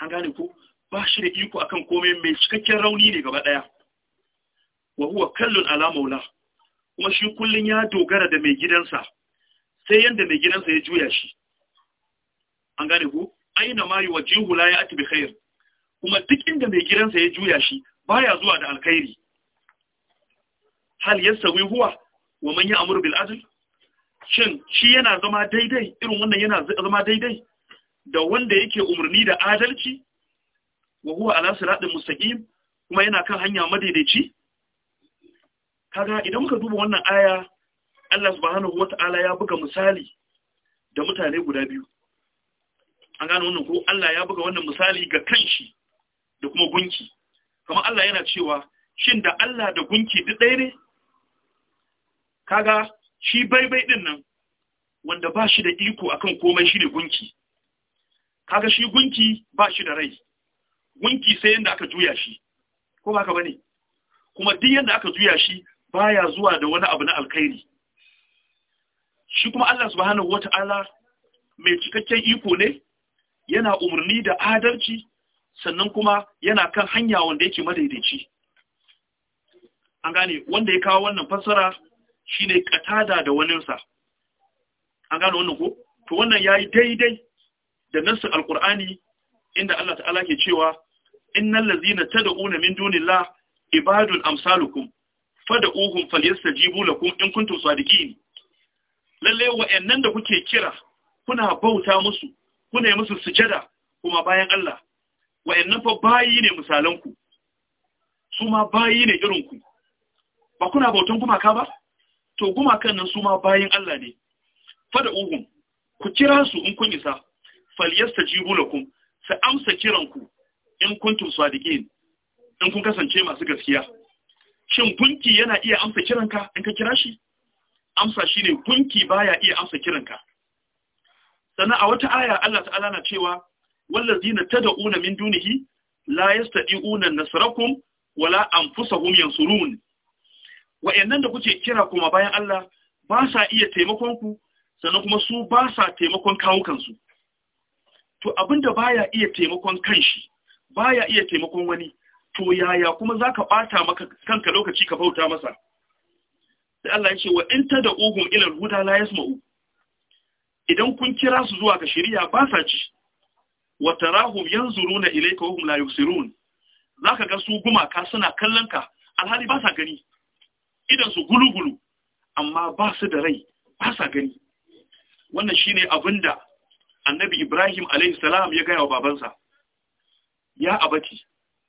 A: an gane ko ba shi da iko akan komai mai cikakken rauni ne gaba ɗaya wa huwa kallon ala maula kuma shi kullum ya dogara da mai gidansa sai yanda mai gidansa ya juya shi an gane ku aina ma yi wajihu la ya atibi khair kuma duk inda mai gidansa ya juya shi baya zuwa da alkhairi hal yasawi huwa wa man ya'muru bil adl shin shi yana zama daidai irin wannan yana zama daidai da wanda yake umarni da adalci wa huwa ala siratin mustaqim kuma yana kan hanya madaidaici kaga idan muka duba wannan aya Allah subhanahu wata'ala ya buga misali da mutane guda biyu an gano wannan ko Allah ya buga wannan misali ga kanshi da kuma gunki kamar Allah yana cewa shin da Allah da gunki duk ɗaya ne kaga shi baibai din nan wanda ba shi da iko akan komai shi ne gunki kaga shi gunki ba shi da rai gunki sai yadda aka juya shi ko ba ka bane kuma duk yadda aka juya shi ba ya zuwa da wani abu na alkhairi shi kuma Allah subhanahu ta'ala mai cikakken iko ne yana umarni da adalci sannan kuma yana kan hanya wanda yake madaidaici an gane wanda ya kawo wannan fassara shine katada da waninsa an gane wannan ko to wannan yayi daidai da nassin alqur'ani inda Allah ta'ala ke cewa innal ladhina tad'una min dunillah ibadun amsalukum fad'uhum falyastajibu lakum in kuntum sadiqin lalle wa'annan da kuke kira kuna bauta musu kuna yi musu sujada kuma bayan Allah wa'annan fa bayi ne misalanku su ma bayi ne irinku ba kuna bautan gumaka ba to gumakan nan su ma bayin Allah ne fad'uhum ku kira su in kun isa falyastajibu lakum su amsa kiranku in kuntum sadiqin in kun kasance masu gaskiya shin gunki yana iya amsa kiranka in ka kira shi amsa shine gunki baya iya amsa kiranka sannan a wata aya Allah ta'ala na cewa wallazina tad'una min dunihi la yastati'una nasrakum wala anfusahum yansurun wayannan da kuke kira kuma bayan Allah ba sa iya taimakon ku sannan kuma su ba sa taimakon kawukansu to abinda baya iya taimakon kanshi baya iya taimakon wani to yaya kuma za ka ɓata maka kanka lokaci ka bauta masa sai Allah ya ce wa in ta da ogun ilar huda la yasma'u idan kun kira su zuwa ga shari'a ba sa ci wa tarahum yanzuruna ilayka wa hum la yubsirun zaka ga su gumaka suna kallon ka alhali ba sa gani idan su gulugulu amma ba su da rai ba sa gani wannan shine abinda annabi Ibrahim alaihi salam ya gaya wa babansa ya abaki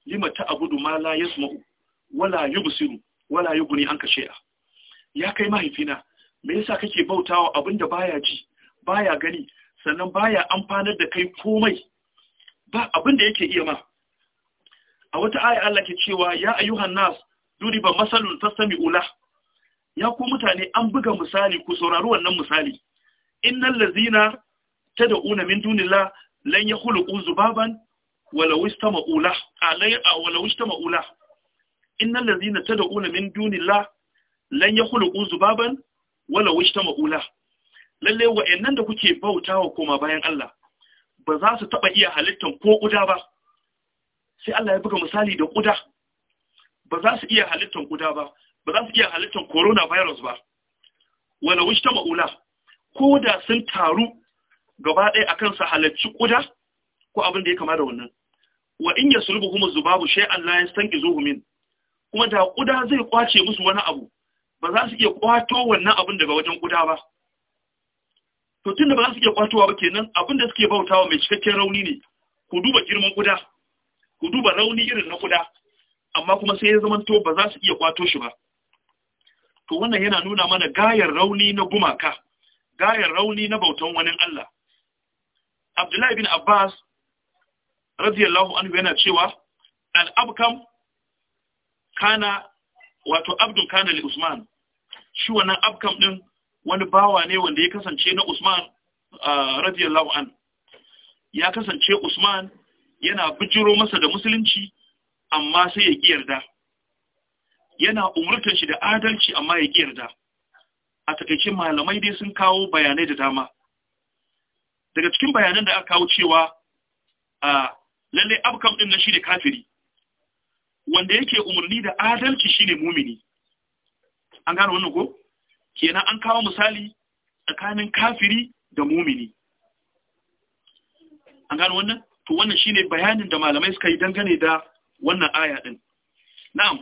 A: lima ta abudu ma la yasma'u wala yubsiru wala yughni anka shay'a ya kai mahaifina me yasa kake bautawa abinda baya ji baya gani sannan baya amfanar da kai komai ba abinda yake iya ma a wata aya Allah ke cewa ya ayyuhan nas duriba masalun tasami ula. ya ku mutane an buga misali ku saurari wannan misali innal ladzina tad'una min dunillahi lan yakhluqu zubaban ولو استمعوا له علي ولو استمعوا له إن الذين تدعون من دون الله lan ya huluku zubaban wala wishta ma'ula lalle wa'annan da kuke bautawa koma bayan Allah ba za su taɓa iya halittan ko ƙuda ba sai Allah ya buga misali da ƙuda. ba za su iya halittan ƙuda ba ba za su iya halittan coronavirus ba wala ta ma'ula ko da sun taru gaba ɗaya akan su halarci ƙuda ko abin da ya kama da wannan wa in kuma zubabu ya san izo min kuma da kuda zai kwace musu wani abu ba za su iya kwato wannan abin daga wajen kuda ba to tunda ba za su iya kwatowa ba kenan abin da suke bautawa mai cikakken rauni ne ku duba girman kuda ku duba rauni irin na kuda amma kuma sai ya zamanto ba za su iya kwato shi ba to wannan yana nuna mana gayar rauni na gumaka gayar rauni na bautan wani Allah Abdullahi bin Abbas radiyallahu anhu yana cewa al-abkam kana wato abdul kana li usman shi wannan abkam din wani bawa ne wanda ya kasance na usman radiyallahu anhu ya kasance usman yana bijiro masa da musulunci amma sai ya ƙi yarda yana umurtar shi da adalci amma ya ƙi yarda a takaicin malamai dai sun kawo bayanai da dama daga cikin bayanan da aka kawo cewa a lalle abkam din nan shine kafiri wanda yake umarni da adalci shine mumini an gano wannan ko kenan an kawo misali tsakanin kafiri da mumini an gano wannan to wannan shine bayanin da malamai suka yi dangane da wannan aya din
B: na'am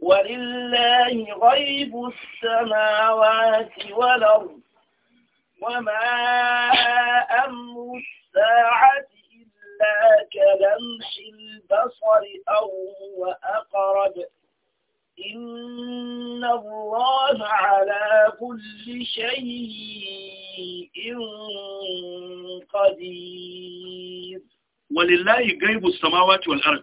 B: ولله غيب السماوات والأرض وما أمر الساعة إلا كلمح البصر أو وأقرب إن الله على كل شيء قدير ولله
A: غيب السماوات والأرض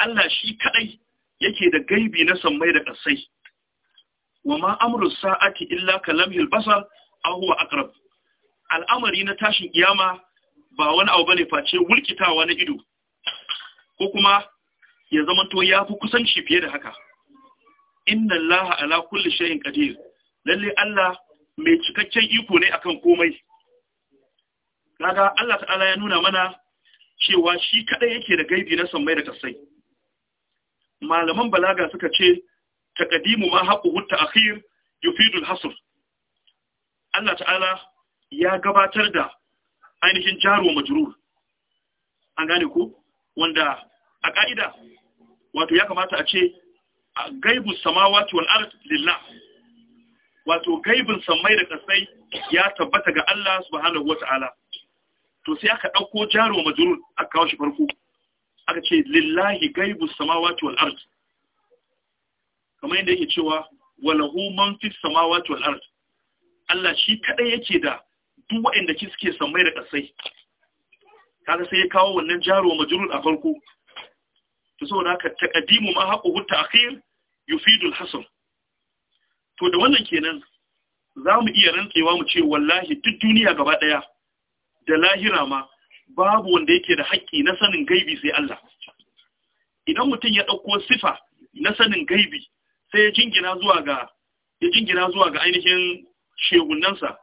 A: Allah shi kaɗai yake da gaibi na sammai da ƙasai, wa ma amurin sa'ati illa kalamhil basar ahuwa akrab. Al'amari na tashin kiyama ba wani abu bane face wulkitawa na ido ko kuma ya zama to ya fi kusanci fiye da haka inna allaha ala kulli shay'in qadir lalle Allah mai cikakken iko ne akan komai kaga Allah ta'ala ya nuna mana cewa shi kadai yake da gaibi na samai da kasai malaman balaga suka ce taqdimu ma haquhu ta'khir yufidu al-hasr Allah ta'ala ya gabatar da ainihin jaru wa majrur an gane ku wanda a ƙa'ida, wato ya kamata a ce gaibu samawati wal ard lillah wato gaibin samai da kasai ya tabbata ga Allah subhanahu wata'ala to sai aka ɗauko jaru wa majrur aka kawo shi farko aka ce lillahi gaibu samawati wal ard kamar yadda yake cewa walahu man fis samawati wal ard Allah shi kadai yake da duk waɗanda ki suke sammai da ƙasai kaga sai ya kawo wannan jaro majrur a farko to saboda ka taqdimu ma haquhu ta'khir yufidu al-hasr to da wannan kenan za mu iya rantsewa mu ce wallahi duk duniya gaba daya da lahira ma babu wanda yake da haƙƙi na sanin gaibi sai Allah idan mutum ya ɗauko sifa na sanin gaibi sai ya jingina zuwa ga ya jingina zuwa ga ainihin shegunnansa.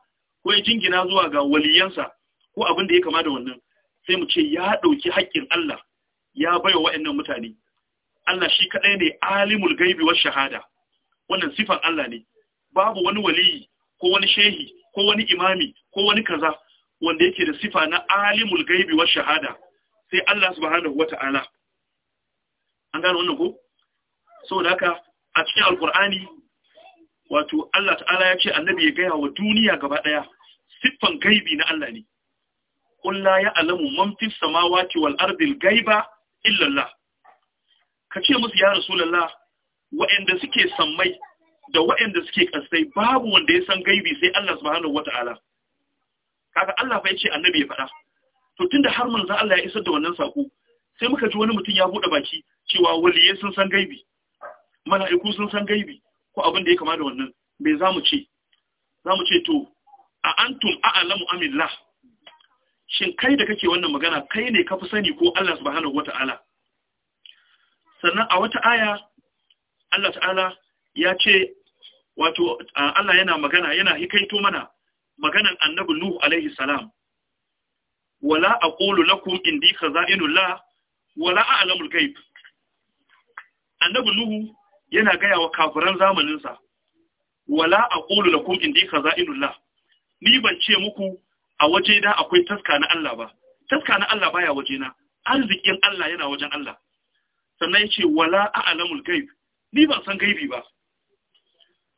A: ko ya jingina zuwa ga waliyansa ko abin da ya kama da wannan sai mu ce ya ɗauki haƙƙin Allah ya baiwa wa'annan mutane Allah shi kaɗai ne alimul gaibi wa shahada wannan sifan Allah ne babu wani waliyi ko wani shehi ko wani imami ko wani kaza wanda yake da sifa na alimul gaibi wa shahada sai Allah subhanahu wata'ala an gano wannan ko saboda haka a cikin alkur'ani wato Allah ta'ala ya ce annabi ya gaya wa duniya gaba ɗaya siffan gaibi na Allah ne Kulla ya alamu man fis samawati wal gaiba? Illallah. Ka ce musu ya lalla, wa’yanda suke sammai da wayanda suke kasai babu wanda ya san gaibi sai Allah subhanahu ala. Kaka Allah fa ce annabi ya faɗa to tun da har manzo Allah ya isar da wannan saƙo, sai muka ji wani mutum ya buɗe baki cewa waliyai sun san gaibi mala'iku sun san gaibi ko abin da ya kama da wannan me mu ce Za mu ce to a antum a'lamu amillah shin kai da kake wannan magana kai ne ka fi sani ko Allah subhanahu wata'ala sannan a wata aya Allah ta'ala ya ce wato Allah yana magana yana hikaito mana maganan annabi Nuh alaihi salam wala aqulu lakum indi khaza'inullah wala al ghaib annabi Nuh yana gaya wa kafiran zamaninsa wala aqulu lakum indi khaza'inullah ni ban ce muku a waje da akwai taska na Allah ba taska na Allah baya waje na arzikin Allah yana wajen Allah sannan yace wala a'lamul ghaib ni ban san gaibi ba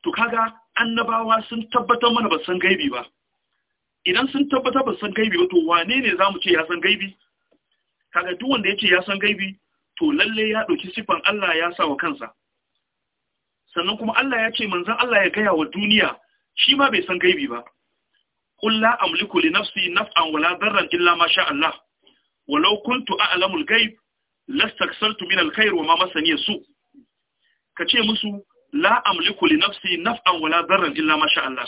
A: to kaga annabawa sun tabbatar mana ba san gaibi ba idan sun tabbatar ba san gaibi ba to wane ne zamu ce ya san gaibi kaga duk wanda yace ya san gaibi to lalle ya dauki sifan Allah ya sa wa kansa sannan kuma Allah ya ce manzon Allah ya gaya wa duniya shi ma bai san gaibi ba kulla amliku li nafsi naf'an wala darran illa ma sha Allah walau kuntu a'lamu al-ghaib lastaksartu min al-khair wa ma masani su kace musu la amliku li nafsi naf'an wala darran illa ma sha Allah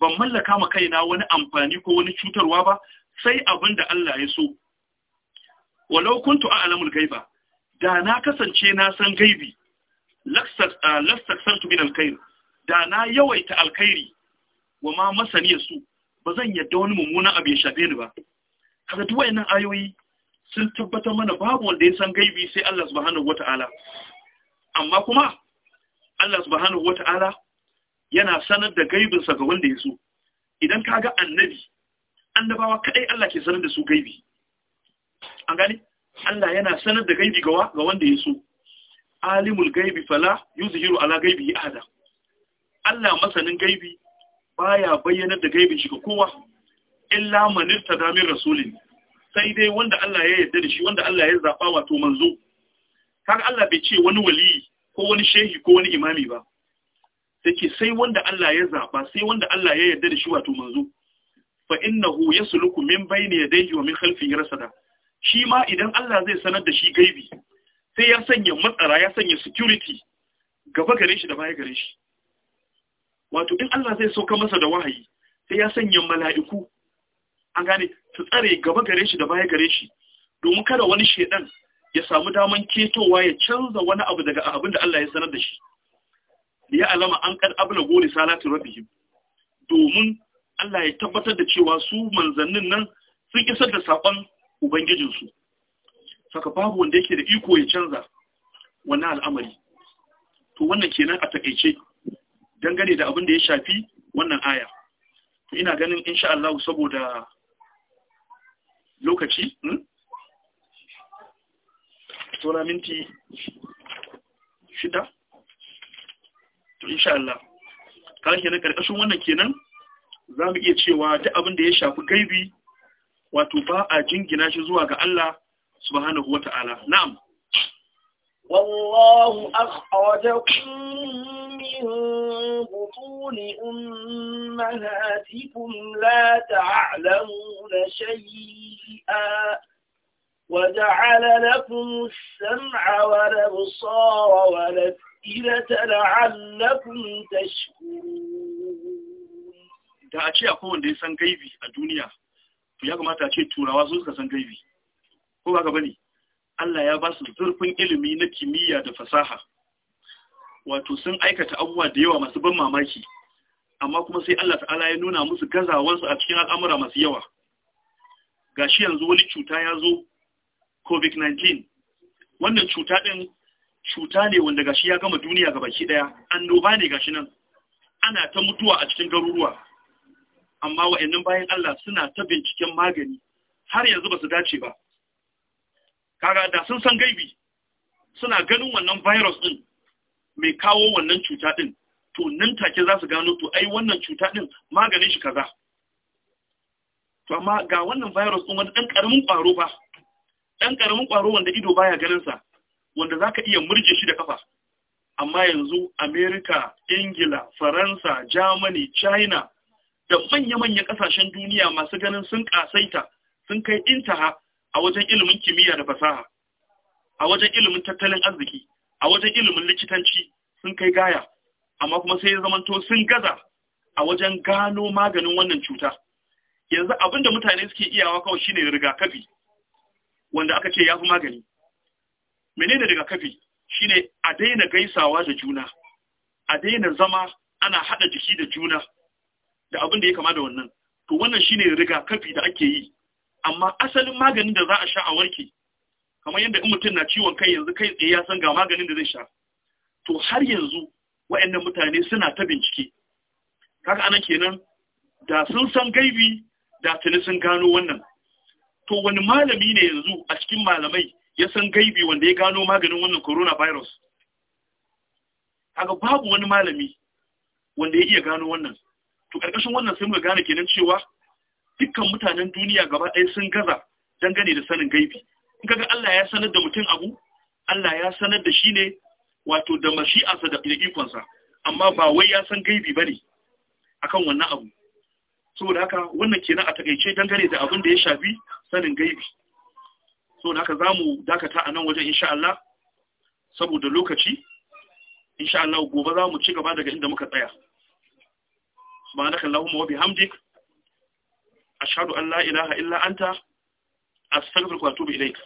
A: ban mallaka ma kaina wani amfani ko wani cutarwa ba sai abinda Allah ya so walau kuntu a'lamul ghaiba da na kasance na san gaibi lastaksartu min al-khair da na yawaita alkhairi wa ma masani su ba zan yadda wani mummunan abu ya shafe ni ba kaga duk wayannan ayoyi sun tabbatar mana babu wanda ya san gaibi sai Allah subhanahu wata'ala amma kuma Allah subhanahu wata'ala yana sanar da gaibinsa ga wanda ya so idan kaga annabi annabawa kadai Allah ke sanar da su gaibi an gani Allah yana sanar da gaibi gawa ga wanda ya so alimul gaibi fala yuzhiru ala gaibi ahada Allah masanin gaibi baya bayyanar da gaibi shi ga kowa illa manista damin rasulin sai dai wanda Allah ya yarda da shi wanda Allah ya zaba wato manzo har Allah bai ce wani wali ko wani shehi ko wani imami ba take sai wanda Allah ya zaba sai wanda Allah ya yarda da shi wato manzo fa innahu yasluku min bayni yadayhi wa min khalfihi rasada shi ma idan Allah zai sanar da shi gaibi sai ya sanya matsara ya sanya security gaba gare shi da baya gare shi wato in Allah zai sauka masa da wahayi sai ya sanya mala'iku an gane su tsare gaba gare shi da baya gare shi domin kada wani shedan ya samu daman ketowa ya canza wani abu daga abin da Allah ya sanar da shi ya alama an kad abla gori salatu rabbihim domin Allah ya tabbatar da cewa su manzannin nan sun isar da sakon su saka babu wanda yake da iko ya canza wannan al'amari to wannan kenan a takeice dangane da abin da ya shafi wannan aya to ina ganin insha Allah saboda lokaci sola hmm? minti shida to insha Allah kawai kenan karkashin wannan kenan za mu iya cewa duk abin da ya shafi gaibi wato ba a jingina shi zuwa ga Allah subhanahu ta'ala? na'am
B: wallahu akhrajakum min بطون أمهاتكم لا تعلمون شيئا وجعل لكم السمع والأبصار والأفئدة لعلكم تشكرون
A: da a ce akwai wanda ya san gaibi a duniya to ya kamata a ce turawa sun suka san gaibi ko ba ka bane Allah ya ba su zurfin ilimi na kimiyya da fasaha wato sun aikata abubuwa da yawa masu ban mamaki amma kuma sai Allah ta'ala ya nuna musu gazawansu a cikin al'amura masu yawa gashi yanzu wani cuta ya zo covid-19 wannan cuta din cuta ne wanda gashi ya gama duniya ga baki ɗaya annoba ne gashi nan ana ta mutuwa a cikin garuruwa amma wa'annan bayan Allah suna ta binciken magani har yanzu ba su dace ba kaga da sun san gaibi suna ganin wannan virus din. mai kawo wannan cuta din to nan take za su gano to ai wannan cuta din maganin shi kaza to amma ga wannan virus din wani dan karamin kwaro fa dan karamin kwaro wanda ido baya ganin sa wanda ka iya murje shi da ƙafa. amma yanzu America, Ingila, Faransa, Germany, China da manya-manya kasashen duniya masu ganin sun kasaita sun kai intaha a wajen ilimin kimiyya da fasaha a wajen ilimin tattalin arziki a wajen ilimin likitanci sun kai gaya amma kuma sai ya zamanto sun gaza a wajen gano maganin wannan cuta yanzu abin da mutane suke iyawa kawai shine rigakafi wanda aka ce yafi magani menene rigakafi shine a daina gaisawa da juna a daina zama ana haɗa jiki da juna da abin da ya kama da wannan to wannan shine rigakafi da ake yi amma asalin maganin da za a sha a warke kamar yadda in mutum na ciwon kai yanzu kai tsaye ya san ga maganin da zai sha to har yanzu wa'annan mutane suna ta bincike kaga ana kenan da sun san gaibi da tuni sun gano wannan to wani malami ne yanzu a cikin malamai ya san gaibi wanda ya gano maganin wannan coronavirus kaga babu wani malami wanda ya iya gano wannan to karkashin wannan sai muka gane kenan cewa dukkan mutanen duniya gaba ɗaya sun gaza dangane da sanin gaibi in kaga Allah ya sanar da mutum abu Allah ya sanar da shi ne wato da mashi'arsa da ikonsa amma ba wai ya san gaibi bane akan wannan abu saboda haka wannan kenan a takaice dangane da abin da ya shafi sanin gaibi saboda haka zamu dakata a nan wajen insha Allah saboda lokaci insha Allah gobe zamu ci gaba daga inda muka tsaya Allahumma wa bihamdik
B: ashhadu an la ilaha illa anta astaghfiruka wa atubu ilaik